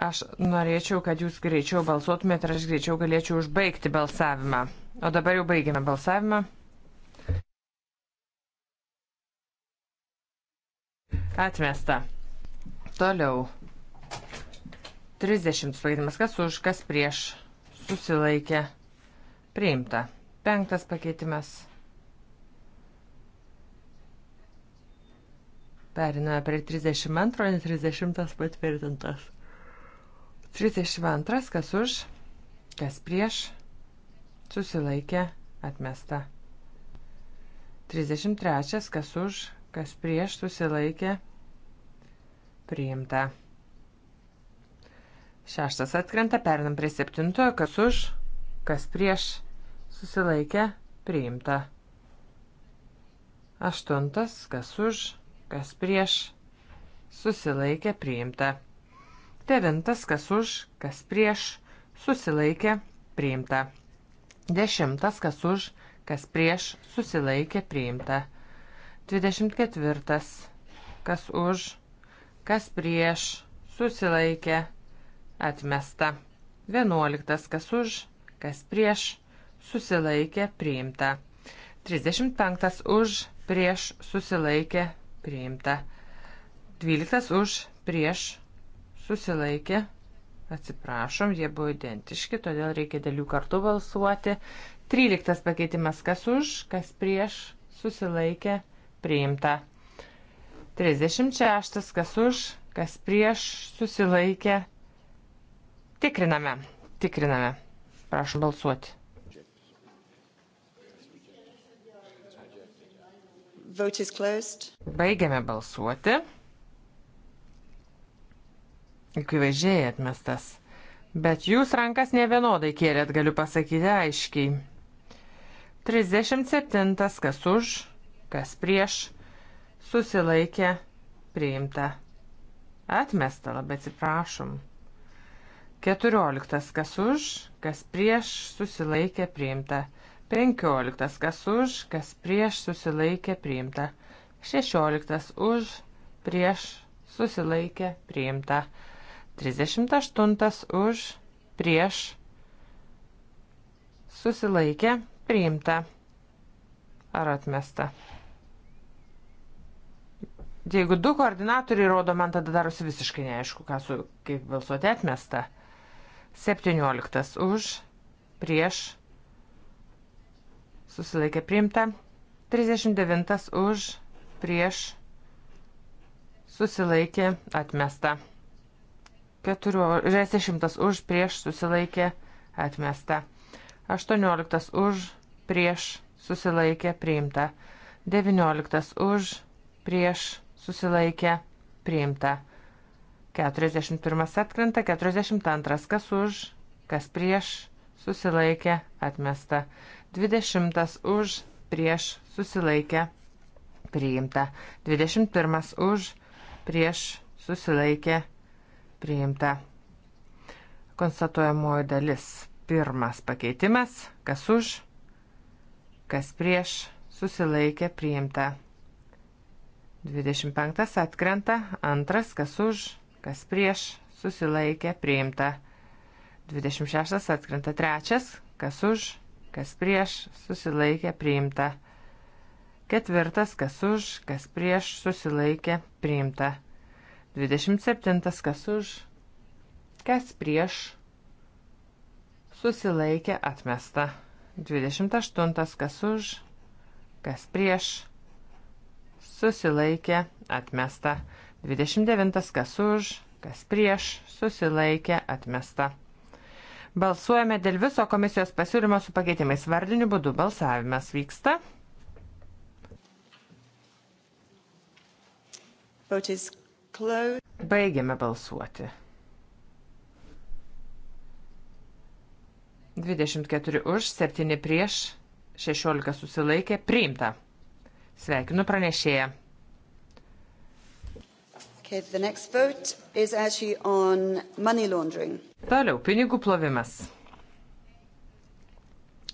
Aš norėčiau, kad jūs greičiau balsuotumėte ir aš greičiau galėčiau užbaigti balsavimą. O dabar jau baigime balsavimą. Atmesta. Toliau. 30 pakeitimas. Kas už, kas prieš. Susilaikė. Priimta. Penktas pakeitimas. Periname prie 32 ir 30 patvirtintas. 32. Kas už, kas prieš, susilaikė, atmesta. 33. Kas už, kas prieš, susilaikė, priimta. Šeštas atkrenta, pernam prie septintojo, kas už, kas prieš, susilaikė, priimta. Aštuntas, kas už, kas prieš, susilaikė, priimta. Devintas, kas už, kas prieš, susilaikė, priimta. Dešimtas, kas už, kas prieš, susilaikė, priimta. Dvidešimt ketvirtas, kas už, kas prieš, susilaikė, atmesta. Vienuoliktas, kas už, kas prieš, susilaikė, priimta. Trisdešimt penktas už, prieš, susilaikė, priimta. Dvyliktas už, prieš, susilaikė, atsiprašom, jie buvo identiški, todėl reikia dėl jų kartu balsuoti. 13 pakeitimas kas už, kas prieš, susilaikė, priimta. 36 kas už, kas prieš, susilaikė. Tikriname, tikriname. Prašom balsuoti. Baigiame balsuoti. Akivaizdžiai atmestas. Bet jūs rankas ne vienodai kėlėt, galiu pasakyti aiškiai. 37. Kas už, kas prieš, susilaikė, priimta. Atmesta, labai atsiprašom. 14. Kas už, kas prieš, susilaikė, priimta. 15. Kas už, kas prieš, susilaikė, priimta. 16. Už, prieš, susilaikė, priimta. 38 už, prieš, susilaikė, priimta ar atmesta. Jeigu du koordinatoriai rodo, man tada darosi visiškai neaišku, ką su, kaip balsuoti atmesta. 17 už, prieš, susilaikė priimta. 39 už, prieš, susilaikė atmesta. 40 už prieš susilaikė atmesta. 18 už prieš susilaikė priimta. 19 už prieš susilaikė priimta. 41 atkrenta, 42 kas už, kas prieš susilaikė atmesta. 20 už prieš susilaikė priimta. 21 už prieš susilaikė priimta priimta. Konstatuojamoji dalis. Pirmas pakeitimas. Kas už, kas prieš, susilaikė priimta. 25 atkrenta. Antras, kas už, kas prieš, susilaikė priimta. 26 atkrenta. Trečias, kas už, kas prieš, susilaikė priimta. Ketvirtas, kas už, kas prieš, susilaikė priimta. 27. Kas už, kas prieš, susilaikė atmesta. 28. Kas už, kas prieš, susilaikė atmesta. 29. Kas už, kas prieš, susilaikė atmesta. Balsuojame dėl viso komisijos pasiūlymo su pakeitimais vardiniu būdu. Balsavimas vyksta. Vote is Baigiame balsuoti. 24 už, 7 prieš, 16 susilaikė, priimta. Sveikinu pranešėją. Okay, the next vote is actually on money laundering. Toliau, pinigų plovimas.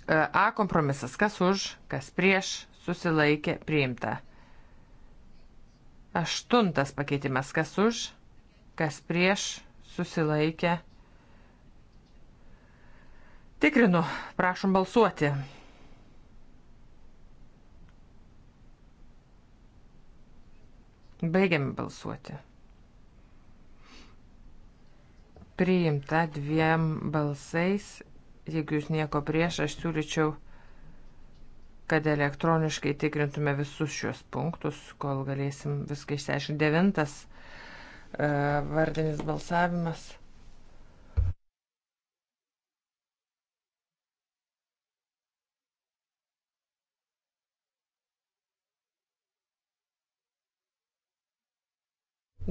E, A kompromisas, kas už, kas prieš, susilaikė, priimta. Aštuntas pakeitimas. Kas už, kas prieš, susilaikė. Tikrinu, prašom balsuoti. Baigiam balsuoti. Priimta dviem balsais. Jeigu jūs nieko prieš, aš siūlyčiau kad elektroniškai tikrintume visus šios punktus, kol galėsim viską išsiaiškinti. Devintas e, vardinis balsavimas.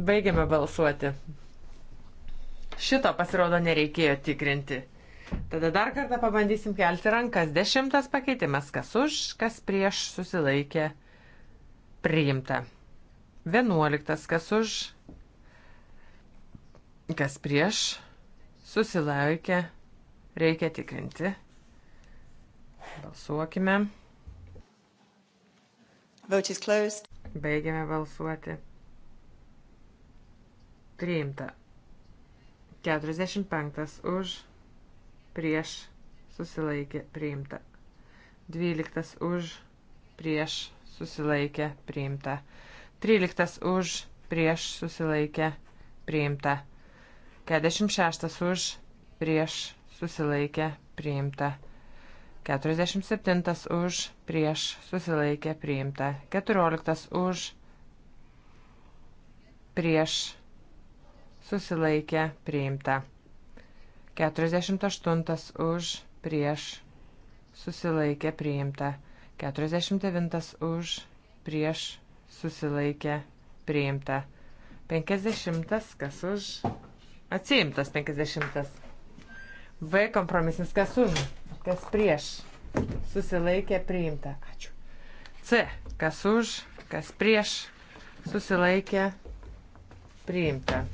Baigiame balsuoti. Šito pasirodo nereikėjo tikrinti. Tada dar kartą pabandysim kelti rankas. Dešimtas pakeitimas. Kas už, kas prieš susilaikė. Priimta. Vienuoliktas. Kas už, kas prieš susilaikė. Reikia tikrinti. Balsuokime. Vote is closed. Baigiame balsuoti. Priimta. 45 už prieš susilaikė priimta. 12 už prieš susilaikė priimta. 13 už prieš susilaikė priimta. 46 už prieš susilaikė priimta. 47 už prieš susilaikė priimta. 14 už prieš susilaikė priimta. 48 už prieš susilaikė priimta. 49 už prieš susilaikė priimta. 50 kas už atsiimtas 50. V kompromisinis kas už kas prieš susilaikė priimta. Ačiū. C kas už kas prieš susilaikė priimta.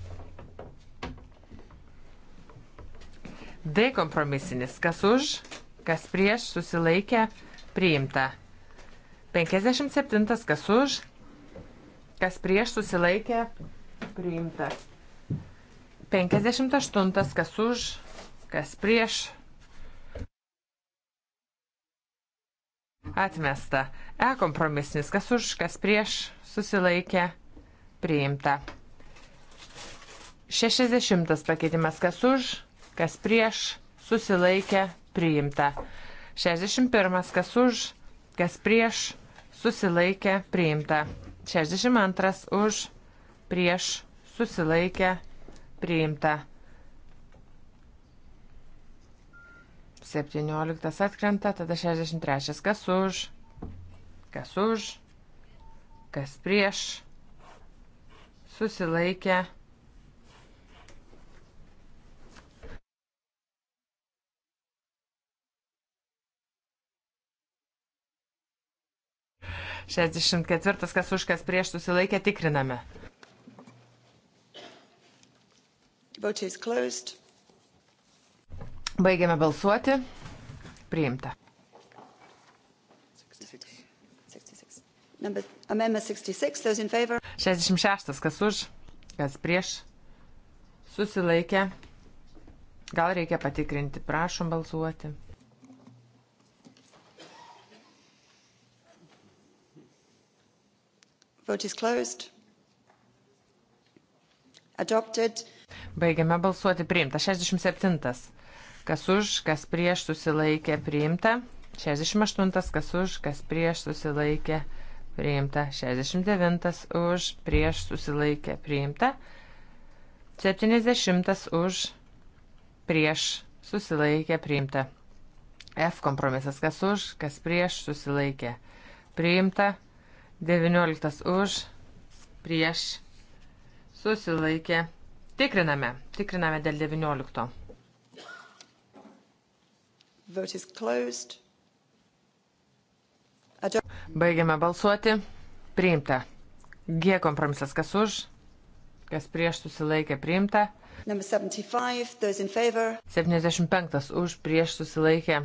D kompromisinis. Kas už, kas prieš, susilaikė, priimta. 57. Kas už, kas prieš, susilaikė, priimta. 58. Kas už, kas prieš. Atmesta. E kompromisinis. Kas už, kas prieš, susilaikė, priimta. 60 pakeitimas, kas už, kas prieš, susilaikė, priimta. 61. kas už, kas prieš, susilaikė, priimta. 62. už, prieš, susilaikė, priimta. 17 atkrenta, tada 63. Kas už? Kas už? Kas prieš? Susilaikė. 64, kas už, kas prieš susilaikė, tikriname. Baigiame balsuoti. Priimta. 66, kas už, kas prieš, susilaikė. Gal reikia patikrinti, prašom balsuoti. Vote is closed. Adopted. Baigiame balsuoti priimta. 67. Kas už, kas prieš susilaikė priimta. 68. Kas už, kas prieš susilaikė priimta. 69. Už, prieš susilaikė priimta. 70. Už, prieš susilaikė priimta. F kompromisas. Kas už, kas prieš susilaikė priimta. 19 už, prieš, susilaikė. Tikriname, tikriname dėl 19. Vote is closed. Baigiame balsuoti. Priimta. G kompromisas kas už, kas prieš susilaikė priimta. 75, 75 už prieš susilaikė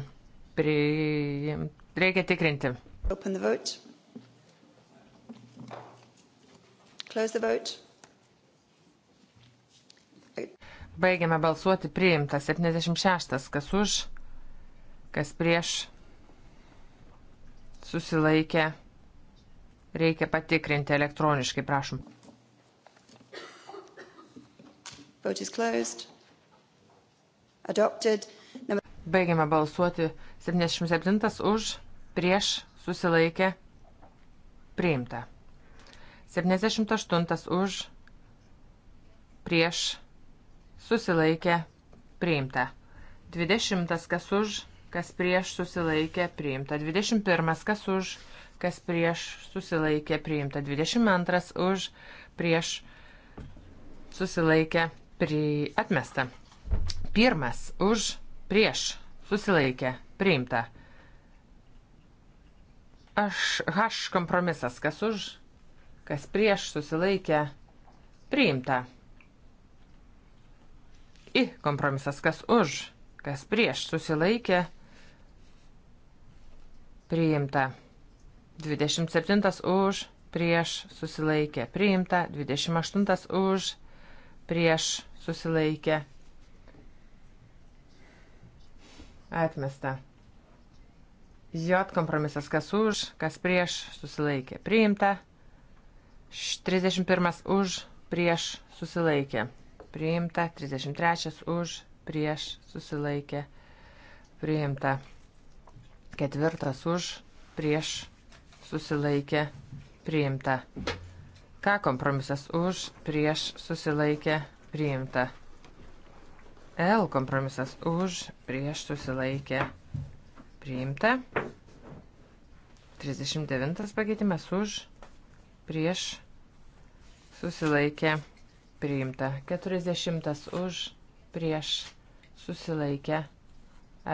priimta. Reikia tikrinti. Open the vote. Close the vote. Baigiame balsuoti priimta. 76. Kas už, kas prieš, susilaikė. Reikia patikrinti elektroniškai, prašom. Vote is closed. Adopted. Number... Baigiame balsuoti 77 už, prieš, susilaikė, priimta. 78 už, prieš, susilaikė, priimta. 20 kas už, kas prieš, susilaikė, priimta. 21 kas už, kas prieš, susilaikė, priimta. 22 už, prieš, susilaikė, pri... atmesta. Pirmas už, prieš, susilaikė, priimta. Aš H kompromisas, kas už, kas prieš susilaikė priimta. I kompromisas, kas už, kas prieš susilaikė priimta. 27 už, prieš susilaikė priimta, 28 už, prieš susilaikė atmesta. J kompromisas, kas už, kas prieš susilaikė priimta. 31 už, prieš susilaikė. Priimta. 33 už, prieš susilaikė. Priimta. Ketvirtas už, prieš susilaikė. Priimta. Ką kompromisas už, prieš susilaikė. Priimta. L kompromisas už, prieš susilaikė, priimta. 39 pakeitimas už, prieš susilaikė priimta. 40 už prieš susilaikė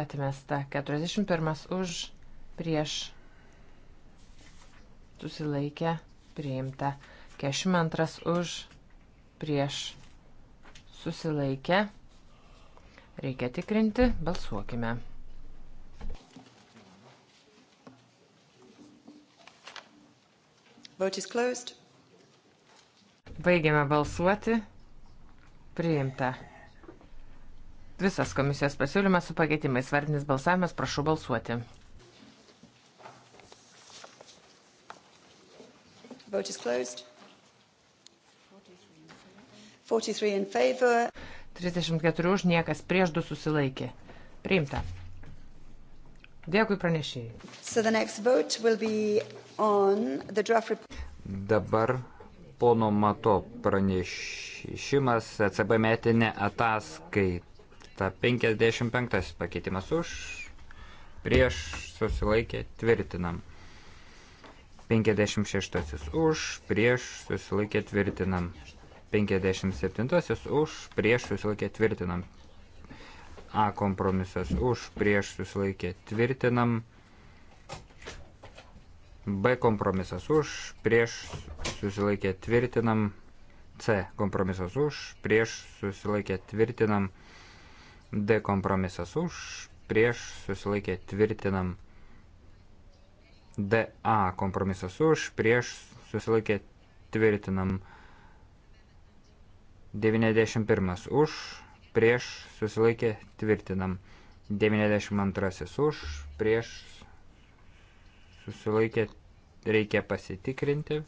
atmesta. 41 už prieš susilaikė priimta. 42 už prieš susilaikė. Reikia tikrinti, balsuokime. Vote is closed. Baigiame balsuoti. Priimta. Visas komisijos pasiūlymas su pakeitimais. Vardinis balsavimas, prašau balsuoti. Vote is closed. 43 in favor. 34 už, niekas prieš du susilaikė. Priimta. Dėkui pranešėjai. So draft... Dabar pono Mato pranešimas ECB metinė ataskaita. 55 pakeitimas už, prieš susilaikė tvirtinam. 56 už, prieš susilaikė tvirtinam. 57 už, prieš susilaikė tvirtinam. A kompromisas už, prieš susilaikė tvirtinam. B kompromisas už, prieš susilaikė tvirtinam. C kompromisas už, prieš susilaikė tvirtinam. D kompromisas už, prieš susilaikė tvirtinam. DA kompromisas už, prieš susilaikė tvirtinam. 91 už, prieš susilaikė tvirtinam. 92 už, prieš susilaikė reikia pasitikrinti.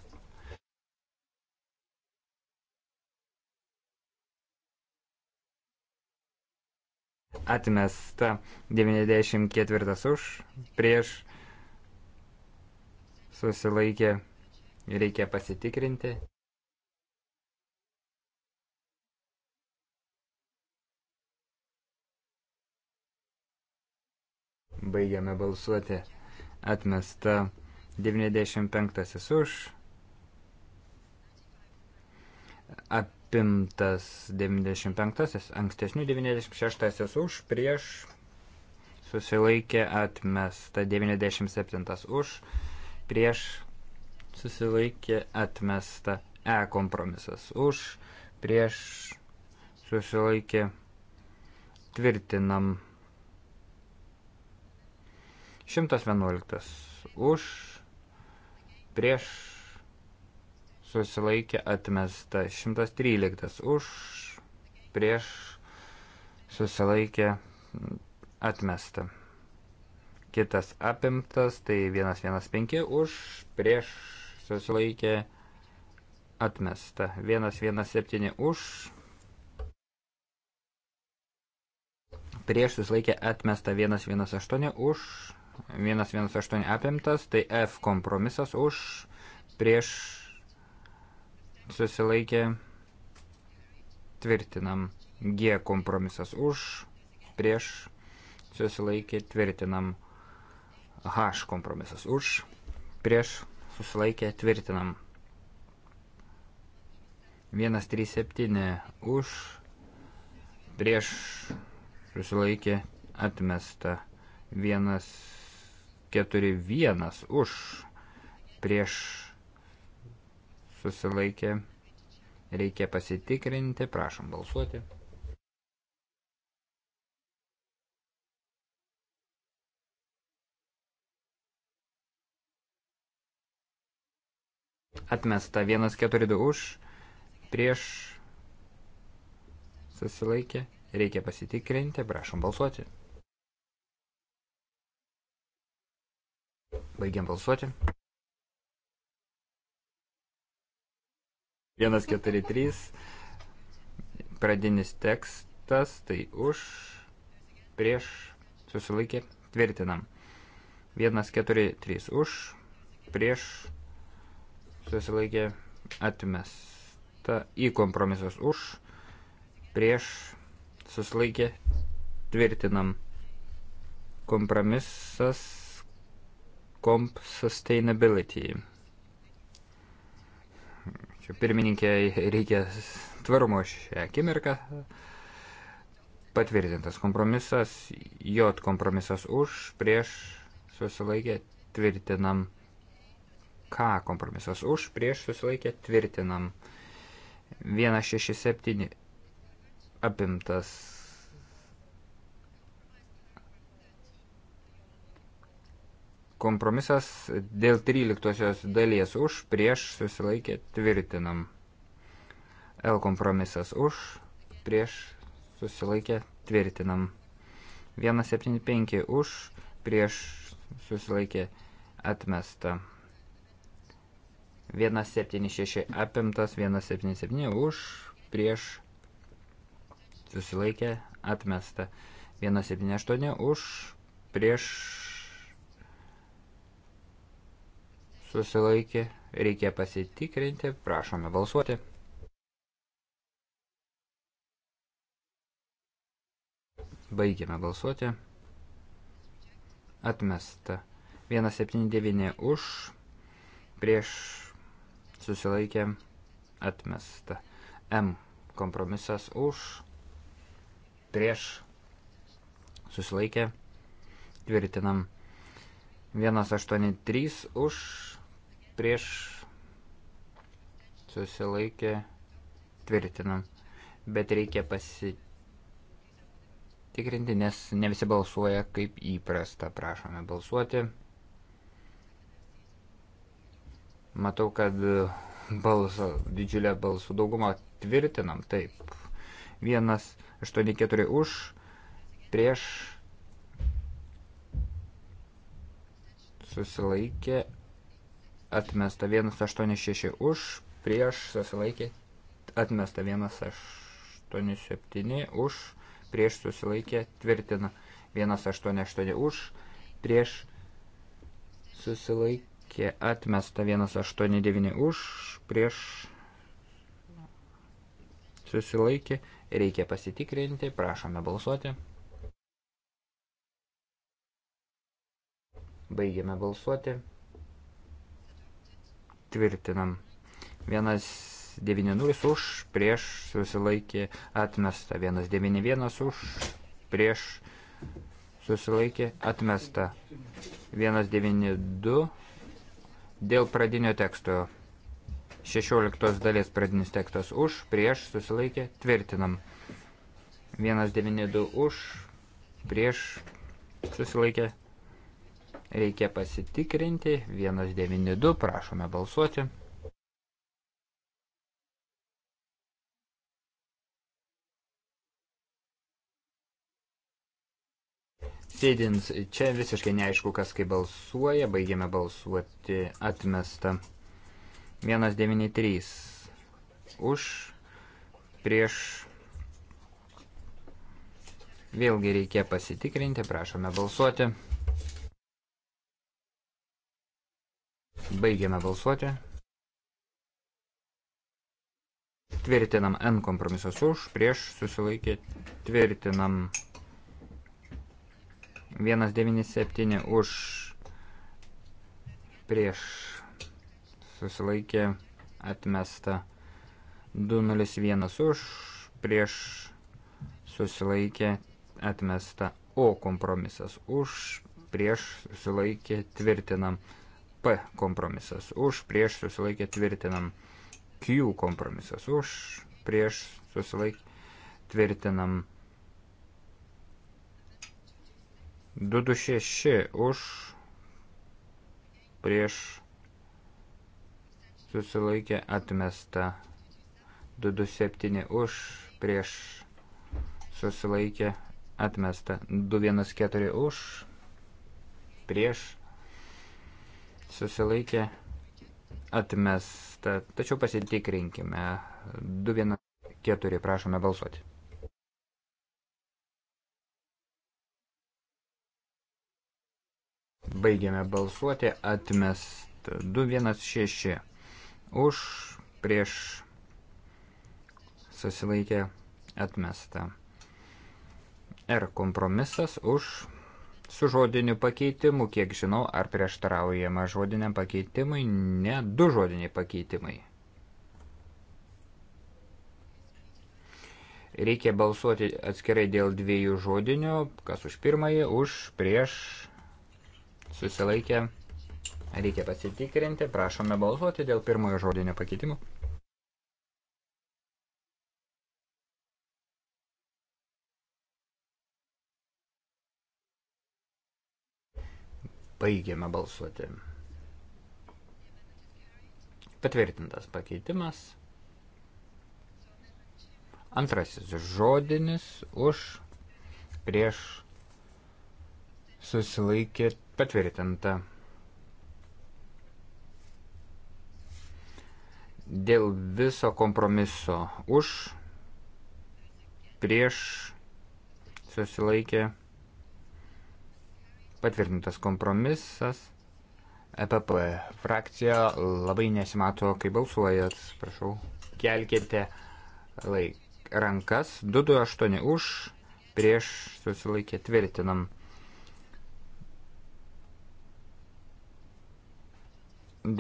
Atmesta 94 už, prieš susilaikė reikia pasitikrinti. Baigiame balsuoti. Atmesta 95 už. Apimtas 95, ankstesnių 96 už, prieš susilaikė atmesta 97 už, prieš susilaikė atmesta E kompromisas už, prieš susilaikė tvirtinam 111. Už, prieš, susilaikė atmesta. 113. Už, prieš, susilaikė atmesta. Kitas apimtas, tai 115 už, prieš, susilaikė atmesta. 117 už, prieš susilaikė atmesta 118 už 118 apimtas, tai F kompromisas už, prieš susilaikė tvirtinam. G kompromisas už, prieš susilaikė tvirtinam. H kompromisas už, prieš susilaikė tvirtinam. 137 už, prieš susilaikė atmesta. 1 4-1 už prieš susilaikė. Reikia pasitikrinti, prašom balsuoti. Atmesta 1-4-2 už prieš susilaikė. Reikia pasitikrinti, prašom balsuoti. Baigiam balsuoti. 143. Pradinis tekstas, tai už, prieš, susilaikė, tvirtinam. 143 už, prieš, susilaikė, atmesta. Į kompromisas už, prieš, susilaikė, tvirtinam. Kompromisas Comp Sustainability. Čia pirmininkė reikia tvarumo šią akimirką. Patvirtintas kompromisas, J kompromisas už, prieš susilaikė tvirtinam. K kompromisas už, prieš susilaikė tvirtinam. 167 apimtas Kompromisas dėl 13 dalies už, prieš susilaikė tvirtinam. L kompromisas už, prieš susilaikė tvirtinam. 175 už, prieš susilaikė atmesta. 176 apimtas, 177 už, prieš susilaikė atmesta. 178 už, prieš susilaikė, reikia pasitikrinti, prašome balsuoti. Baigiame balsuoti. Atmesta. 179 už, prieš susilaikė, atmesta. M kompromisas už, prieš susilaikė, tvirtinam. 183 už, prieš susilaikė tvirtinam. Bet reikia pasitikrinti, nes ne visi balsuoja kaip įprasta. Prašome balsuoti. Matau, kad balsą, didžiulę balsų daugumą tvirtinam. Taip. Vienas, aštuoni, keturi už, prieš susilaikė atmesta 186 už, prieš susilaikė, atmesta 187 už, prieš susilaikė, tvirtina 188 už, prieš susilaikė, atmesta 189 už, prieš susilaikė, reikia pasitikrinti, prašome balsuoti. Baigiame balsuoti patvirtinam. 190 už, prieš susilaikė atmesta. 191 už, prieš susilaikė atmesta. 192 dėl pradinio teksto. 16 dalies pradinis tekstas už, prieš susilaikė tvirtinam. 192 už, prieš susilaikė Reikia pasitikrinti. 192. Prašome balsuoti. Sėdint čia visiškai neaišku, kas kai balsuoja. Baigėme balsuoti atmestą. 193. Už. Prieš. Vėlgi reikia pasitikrinti. Prašome balsuoti. Baigiame balsuoti. Tvirtinam N kompromisas už, prieš susilaikė. Tvirtinam 197 už, prieš susilaikė, atmesta 201 už, prieš susilaikė, atmesta O kompromisas už, prieš susilaikė, tvirtinam 201. P kompromisas už, prieš susilaikė tvirtinam. Q kompromisas už, prieš susilaikė tvirtinam. 226 už, prieš susilaikė atmesta. 227 už, prieš susilaikė atmesta. 214 už, prieš susilaikė atmesta, tačiau pasitikrinkime. 214 prašome balsuoti. Baigiame balsuoti, atmesta 216 už, prieš susilaikė atmesta. R kompromisas už, su žodiniu pakeitimu, kiek žinau, ar prieštaraujama žodiniam pakeitimui, ne du žodiniai pakeitimai. Reikia balsuoti atskirai dėl dviejų žodinių, kas už pirmąjį, už, prieš, susilaikę. Reikia pasitikrinti, prašome balsuoti dėl pirmojo žodinio pakeitimo. Baigiame balsuoti. Patvirtintas pakeitimas. Antrasis žodinis už prieš susilaikė patvirtinta. Dėl viso kompromiso už prieš susilaikė patvirtinta Patvirtintas kompromisas. EPP frakcija labai nesimato, kai balsuojat. Prašau, kelkite laik, rankas. 228 už, prieš susilaikė tvirtinam.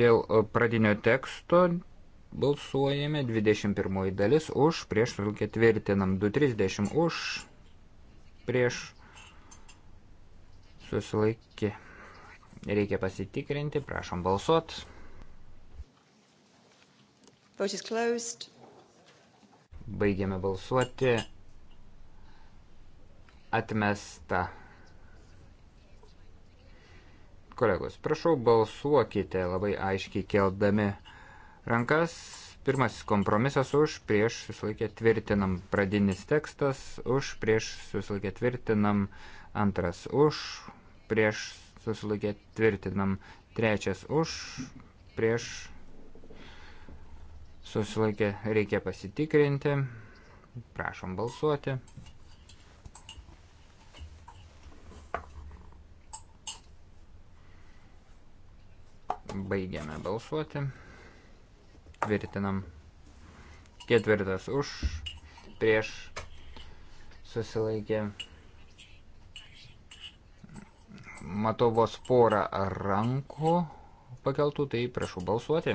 Dėl pradinio teksto balsuojame 21 dalis už, prieš susilkė tvirtinam 230 už, prieš susilaikė. Reikia pasitikrinti, prašom balsuot. Vote is closed. Baigiame balsuoti. Atmesta. Kolegos, prašau balsuokite labai aiškiai keldami rankas. Pirmasis kompromisas už, prieš susilaikė tvirtinam. Pradinis tekstas už, prieš susilaikė tvirtinam. Antras už, prieš susilaikė tvirtinam. Trečias už, prieš susilaikė reikia pasitikrinti. Prašom balsuoti. Baigiame balsuoti. Tvirtinam. Ketvirtas už, prieš susilaikė tvirtinam matau vos porą rankų pakeltų, tai prašau balsuoti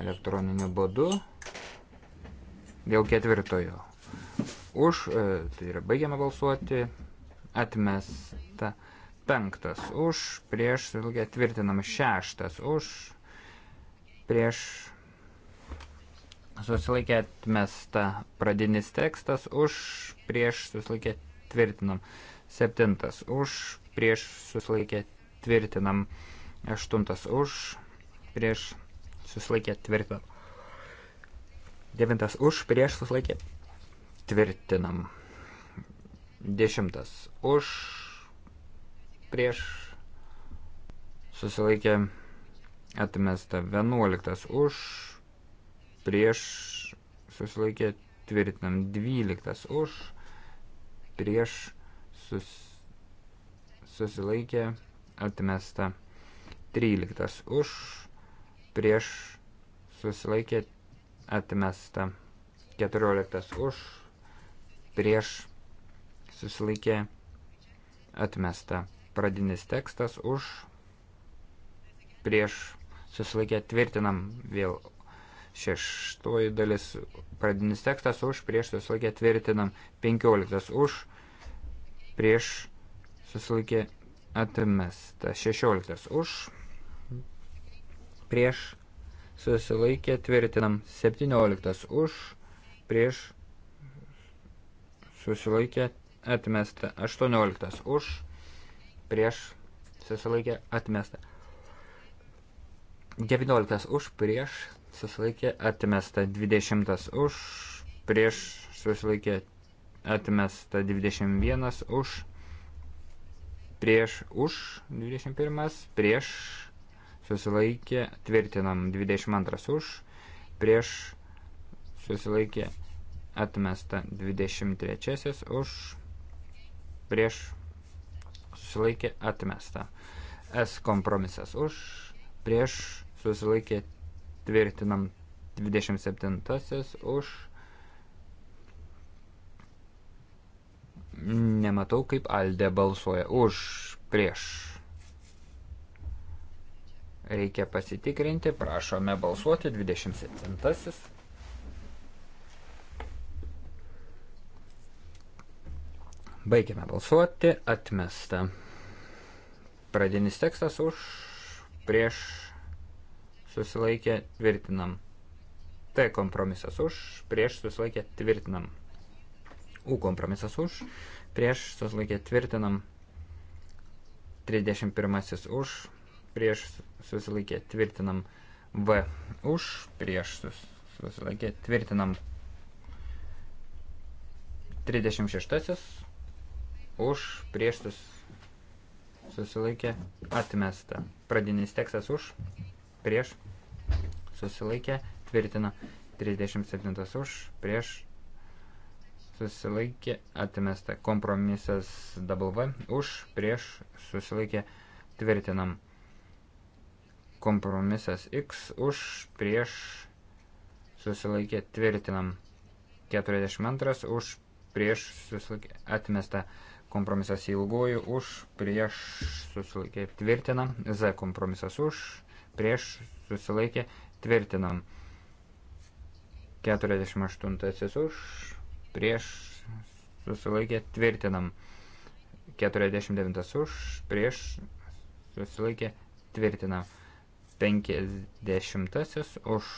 elektroniniu būdu dėl ketvirtojo. Už, e, tai yra baigiame balsuoti, atmesta penktas už, prieš, ilgiai tvirtinam šeštas už, prieš, susilaikė atmesta pradinis tekstas už, prieš, susilaikė tvirtinam. Septintas už, prieš susilaikė tvirtinam. Aštuntas už, prieš susilaikė tvirtinam. Devintas už, prieš susilaikė tvirtinam. Dešimtas už, prieš susilaikė atmesta. Vienuoliktas už, prieš susilaikė tvirtinam. Dvyliktas už, prieš susilaikė tvirtinam sus, susilaikė, atmesta. 13 už, prieš, susilaikė, atmesta. 14 už, prieš, susilaikė, atmesta. Pradinis tekstas už, prieš, susilaikė, tvirtinam vėl šeštoji dalis pradinis tekstas už, prieš susilaikė tvirtinam, penkioliktas už, prieš susilaikė atmesta. 16 už, prieš susilaikė tvirtinam. 17 už, prieš susilaikė atmesta. 18 už, prieš susilaikė atmesta. 19 už, prieš susilaikė atmesta. 20 už, prieš susilaikė atmesta 21 už, prieš už 21, prieš susilaikė, tvirtinam 22 už, prieš susilaikė, atmesta 23 už, prieš susilaikė, atmesta. S kompromisas už, prieš susilaikė, tvirtinam 27 už, Nematau, kaip Alde balsuoja už, prieš. Reikia pasitikrinti, prašome balsuoti 27. Baigiame balsuoti, atmesta. Pradinis tekstas už, prieš, susilaikė, tvirtinam. T kompromisas už, prieš, susilaikė, tvirtinam. U kompromisas už, prieš susilaikė tvirtinam 31 už, prieš susilaikė tvirtinam V už, prieš susilaikė tvirtinam 36 už, prieš susilaikė atmesta. Pradinis tekstas už, prieš susilaikė tvirtina 37 už, prieš susilaikė atmesta. Kompromisas W už prieš susilaikė tvirtinam. Kompromisas X už prieš susilaikė tvirtinam. 42 už prieš susilaikė atmesta. Kompromisas ilguoju už prieš susilaikė tvirtinam. Z kompromisas už prieš susilaikė tvirtinam. 48 už prieš susilaikė tvirtinam. 49 už, prieš susilaikė tvirtinam. 50 už,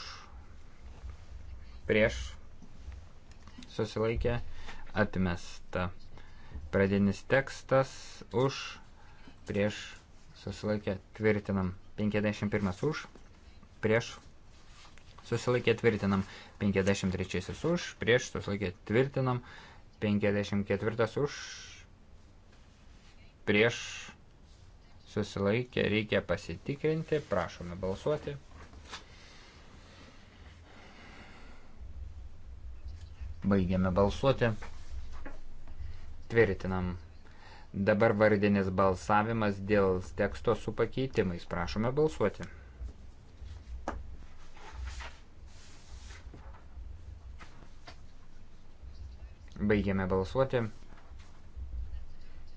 prieš susilaikė atmesta. Pradinis tekstas už, prieš susilaikė tvirtinam. 51 už, prieš susilaikė tvirtinam, 53 už, prieš susilaikė tvirtinam, 54 už, prieš susilaikė, reikia pasitikrinti, prašome balsuoti. Baigiame balsuoti. Tvirtinam. Dabar vardinis balsavimas dėl teksto su pakeitimais. Prašome balsuoti. Baigiame balsuoti.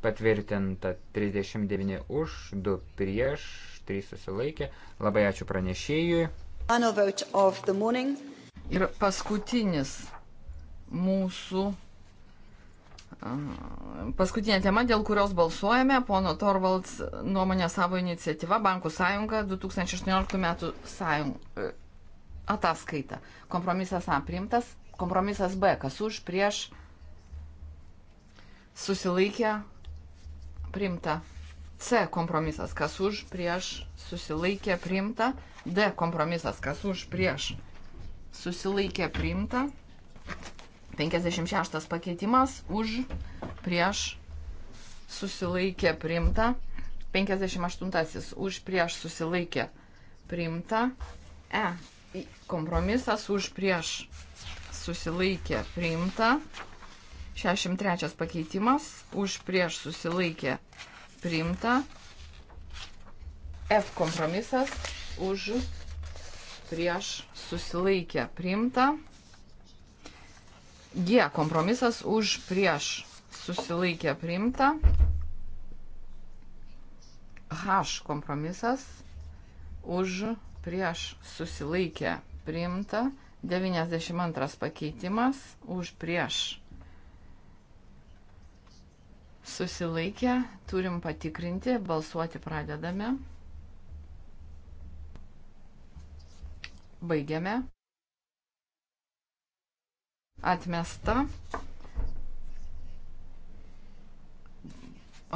Patvirtinta 39 už, 2 prieš, 3 susilaikė. Labai ačiū pranešėjui. Ir paskutinis mūsų, paskutinė tema, dėl kurios balsuojame, pono Torvalds nuomonė savo iniciatyva Bankų sąjunga 2018 metų sąjunga, e, ataskaita. Kompromisas A priimtas, kompromisas B, kas už, prieš, susilaikė priimta. C kompromisas, kas už, prieš, susilaikė priimta. D kompromisas, kas už, prieš, susilaikė priimta. 56 pakeitimas, už, prieš, susilaikė priimta. 58 už, prieš, susilaikė priimta. E kompromisas, už, prieš, susilaikė priimta. 63 pakeitimas už prieš susilaikė priimta. F kompromisas už prieš susilaikė priimta. G kompromisas už prieš susilaikė priimta. H kompromisas už prieš susilaikė priimta. 92 pakeitimas už prieš susilaikę, turim patikrinti, balsuoti pradedame. Baigiame. Atmesta.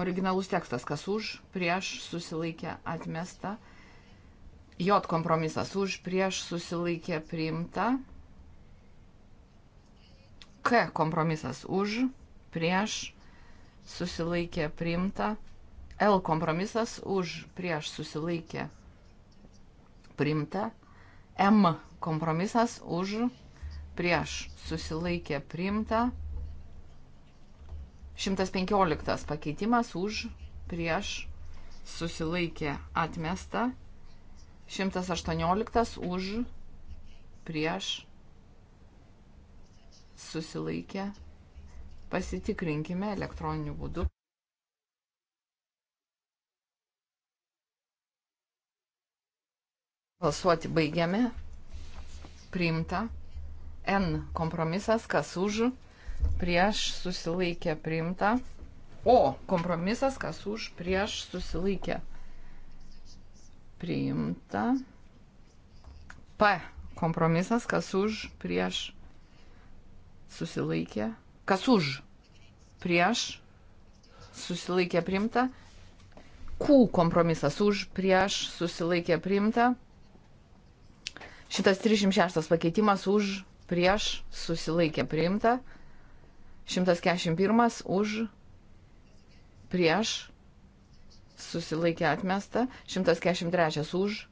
Originalus tekstas, kas už, prieš, susilaikė, atmesta. J kompromisas už, prieš, susilaikė, priimta. K kompromisas už, prieš, susilaikė priimta. L kompromisas už prieš susilaikė priimta. M kompromisas už prieš susilaikė priimta. 115 pakeitimas už prieš susilaikė atmesta. 118 už prieš susilaikė Pasitikrinkime elektroniniu būdu. Balsuoti baigiame. Priimta. N kompromisas, kas už, prieš susilaikė priimta. O kompromisas, kas už, prieš susilaikė priimta. P kompromisas, kas už, prieš susilaikė Kas už? Prieš. Susilaikė primta. Q kompromisas už, prieš, susilaikė primta. Šitas 306 pakeitimas už, prieš, susilaikė primta. 141 už, prieš, susilaikė atmesta. 143 už,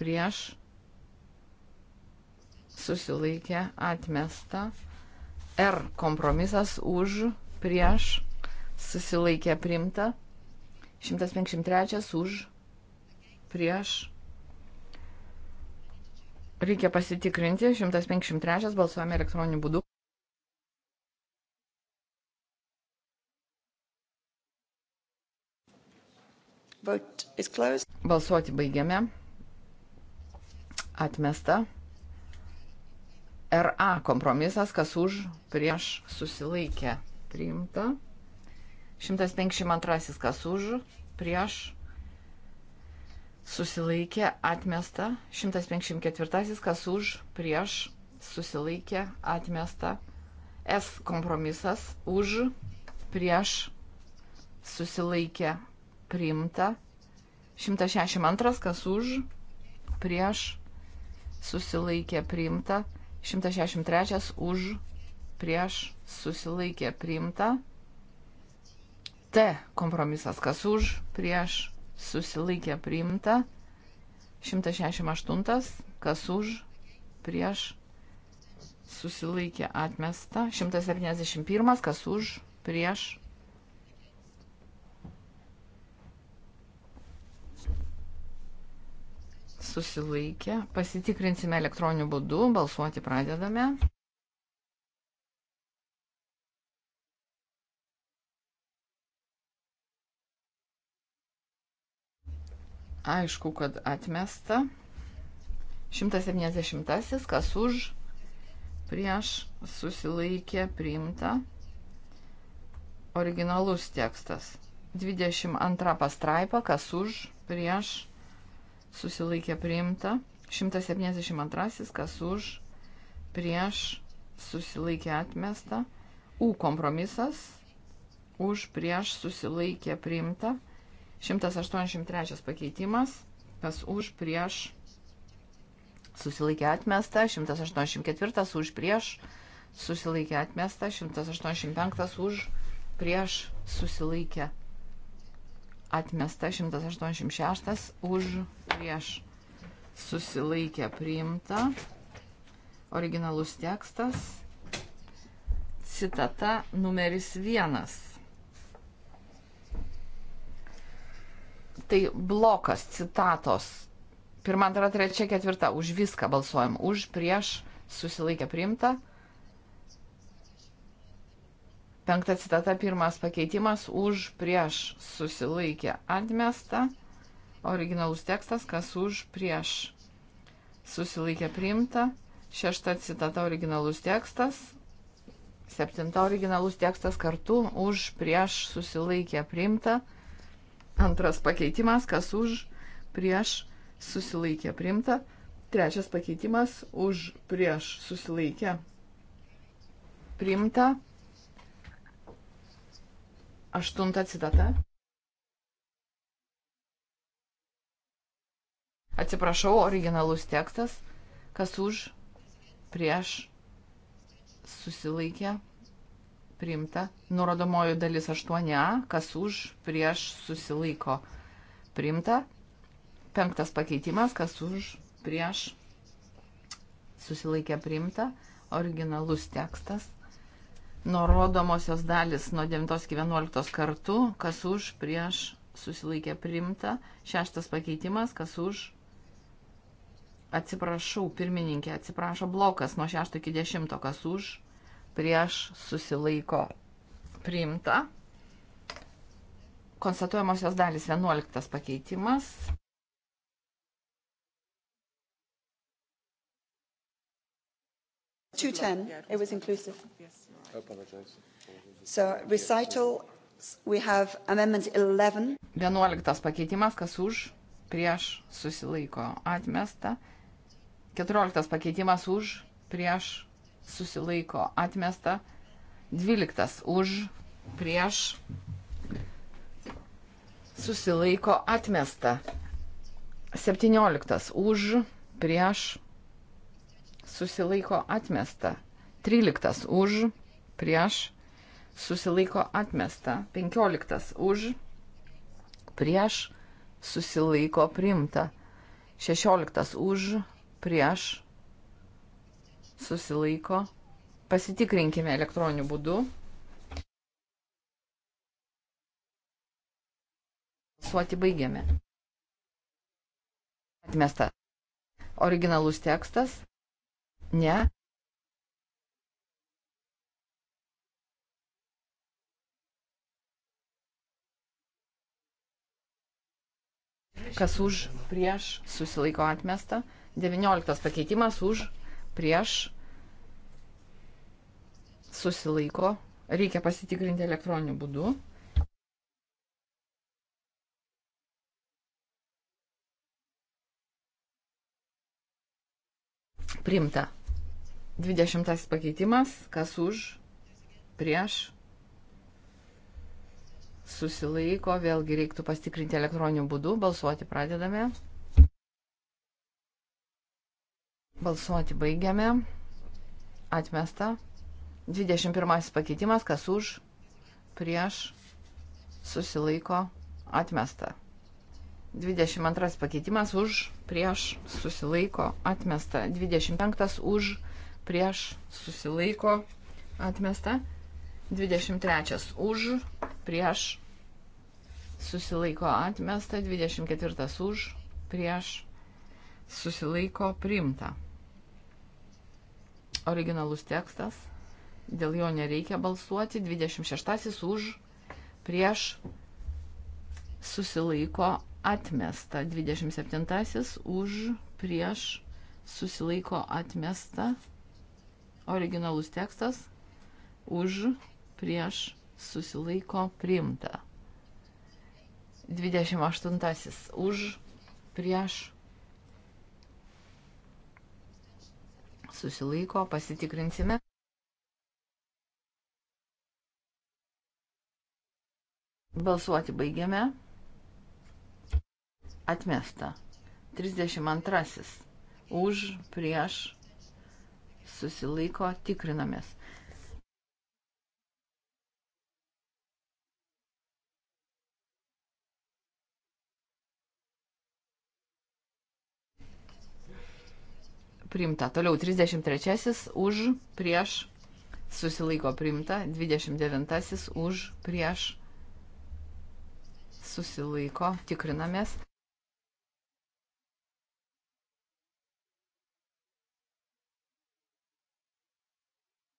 prieš, susilaikė atmesta. R kompromisas už, prieš, susilaikė primta. 153 už, prieš. Reikia pasitikrinti. 153 balsuojame elektroniniu būdu. Balsuoti baigiame. Atmesta. RA kompromisas, kas už, prieš, susilaikė, priimta. 152 kas už, prieš, susilaikė, atmesta. 154 kas už, prieš, susilaikė, atmesta. S kompromisas už, prieš, susilaikė, priimta. 162 kas už, prieš, susilaikė, priimta. 163 už prieš susilaikė priimta. T kompromisas kas už prieš susilaikė priimta. 168 kas už prieš susilaikė atmesta. 171 kas už prieš susilaikė. Pasitikrinsime elektroniniu būdu, balsuoti pradedame. Aišku, kad atmesta. 170, kas už, prieš, susilaikė, priimta. Originalus tekstas. 22 pastraipa, kas už, prieš, susilaikė priimta. 172, kas už, prieš, susilaikė atmesta. U kompromisas, už, prieš, susilaikė priimta. 183 pakeitimas, kas už, prieš, susilaikė atmesta. 184 už, prieš, susilaikė atmesta. 185 už, prieš, susilaikė atmesta atmesta 186 už prieš susilaikę priimta. Originalus tekstas. Citata numeris vienas. Tai blokas citatos. Pirma, antra, trečia, ketvirta. Už viską balsuojam. Už prieš susilaikę priimta. Penktas citata, pirmas pakeitimas už prieš susilaikę atmestą. Originalus tekstas, kas už prieš susilaikę priimta. Šešta citata, originalus tekstas. Septinta originalus tekstas kartu už prieš susilaikę priimta. Antras pakeitimas, kas už prieš susilaikę priimta. Trečias pakeitimas už prieš susilaikę priimta. Aštunta citata. Atsiprašau, originalus tekstas. Kas už, prieš, susilaikė, priimta. Nurodomoji dalis 8a. Kas už, prieš, susilaiko, priimta. Penktas pakeitimas. Kas už, prieš, susilaikė, priimta. Originalus tekstas nurodomosios dalis nuo 9 iki 11 kartų, kas už, prieš, susilaikė priimta. Šeštas pakeitimas, kas už, atsiprašau, pirmininkė, atsiprašo blokas nuo 6 iki 10, kas už, prieš, susilaiko priimta. Konstatuojamosios dalis 11 pakeitimas. Two ten. It was inclusive. Yes. So, recital, we have amendment 11. 11 pakeitimas, kas už, prieš, susilaiko, atmesta. 14 pakeitimas už, prieš, susilaiko, atmesta. 12 už, prieš, susilaiko, atmesta. 17 už, prieš, susilaiko, atmesta. 13 už, prieš, susilaiko atmesta. 15 už, prieš, susilaiko priimta. 16 už, prieš, susilaiko. Pasitikrinkime elektroniniu būdu. Suoti baigiame. Atmesta. Originalus tekstas. Ne. kas už, prieš, susilaiko atmesta. 19 pakeitimas už, prieš, susilaiko. Reikia pasitikrinti elektroniniu būdu. Primta. 20 pakeitimas, kas už, prieš, susilaiko, vėlgi reiktų pastikrinti elektroniniu būdu, balsuoti pradedame. Balsuoti baigiame. Atmesta. 21 pakeitimas, kas už, prieš, susilaiko, atmesta. 22 pakeitimas už, prieš, susilaiko, atmesta. 25 už, prieš, susilaiko, atmesta. 23 už, prieš, susilaiko atmesta, 24 už, prieš susilaiko priimta. Originalus tekstas, dėl jo nereikia balsuoti, 26 už, prieš susilaiko atmesta, 27 už, prieš susilaiko atmesta, originalus tekstas, už, prieš susilaiko priimta. 28 už, prieš, susilaiko, pasitikrinsime. Balsuoti baigiame. Atmesta. 32 už, prieš, susilaiko, tikrinamės. priimta. Toliau 33 už prieš susilaiko priimta, 29 už prieš susilaiko, tikrinamės.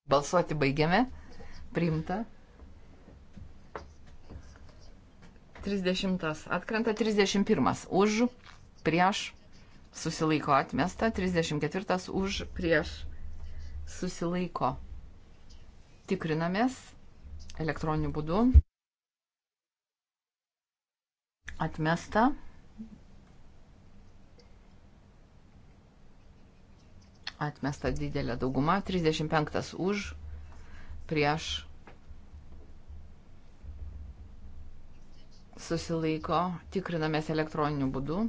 Balsuoti baigiame. Priimta. 30. Atkrenta 31. Už, prieš, susilaiko atmesta, 34 už prieš susilaiko. Tikrinamės elektroniniu būdu. Atmesta. Atmesta didelė dauguma. 35 už prieš susilaiko. Tikrinamės elektroniniu būdu.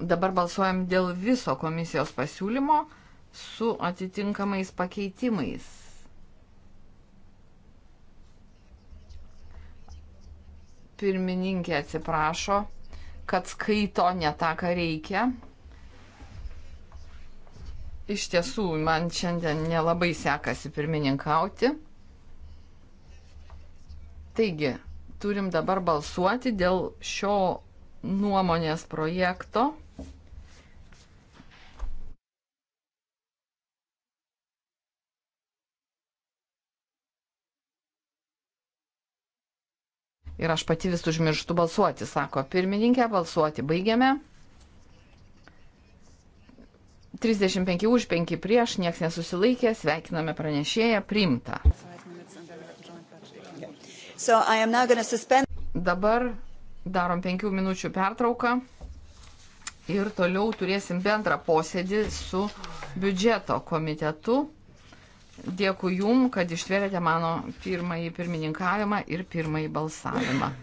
Dabar balsuojam dėl viso komisijos pasiūlymo su atitinkamais pakeitimais. Pirmininkė atsiprašo, kad skaito ne tą, ką reikia. Iš tiesų, man šiandien nelabai sekasi pirmininkauti. Taigi, turim dabar balsuoti dėl šio nuomonės projekto ir aš pati vis užmirštu balsuoti, sako pirmininkė, balsuoti baigiame. 35 už 5 prieš, nieks nesusilaikė, sveikiname pranešėją, priimta. So suspend... Dabar darom 5 minučių pertrauką ir toliau turėsim bendrą posėdį su biudžeto komitetu. Dėkui Jum, kad ištvėrėte mano pirmąjį pirmininkavimą ir pirmąjį balsavimą.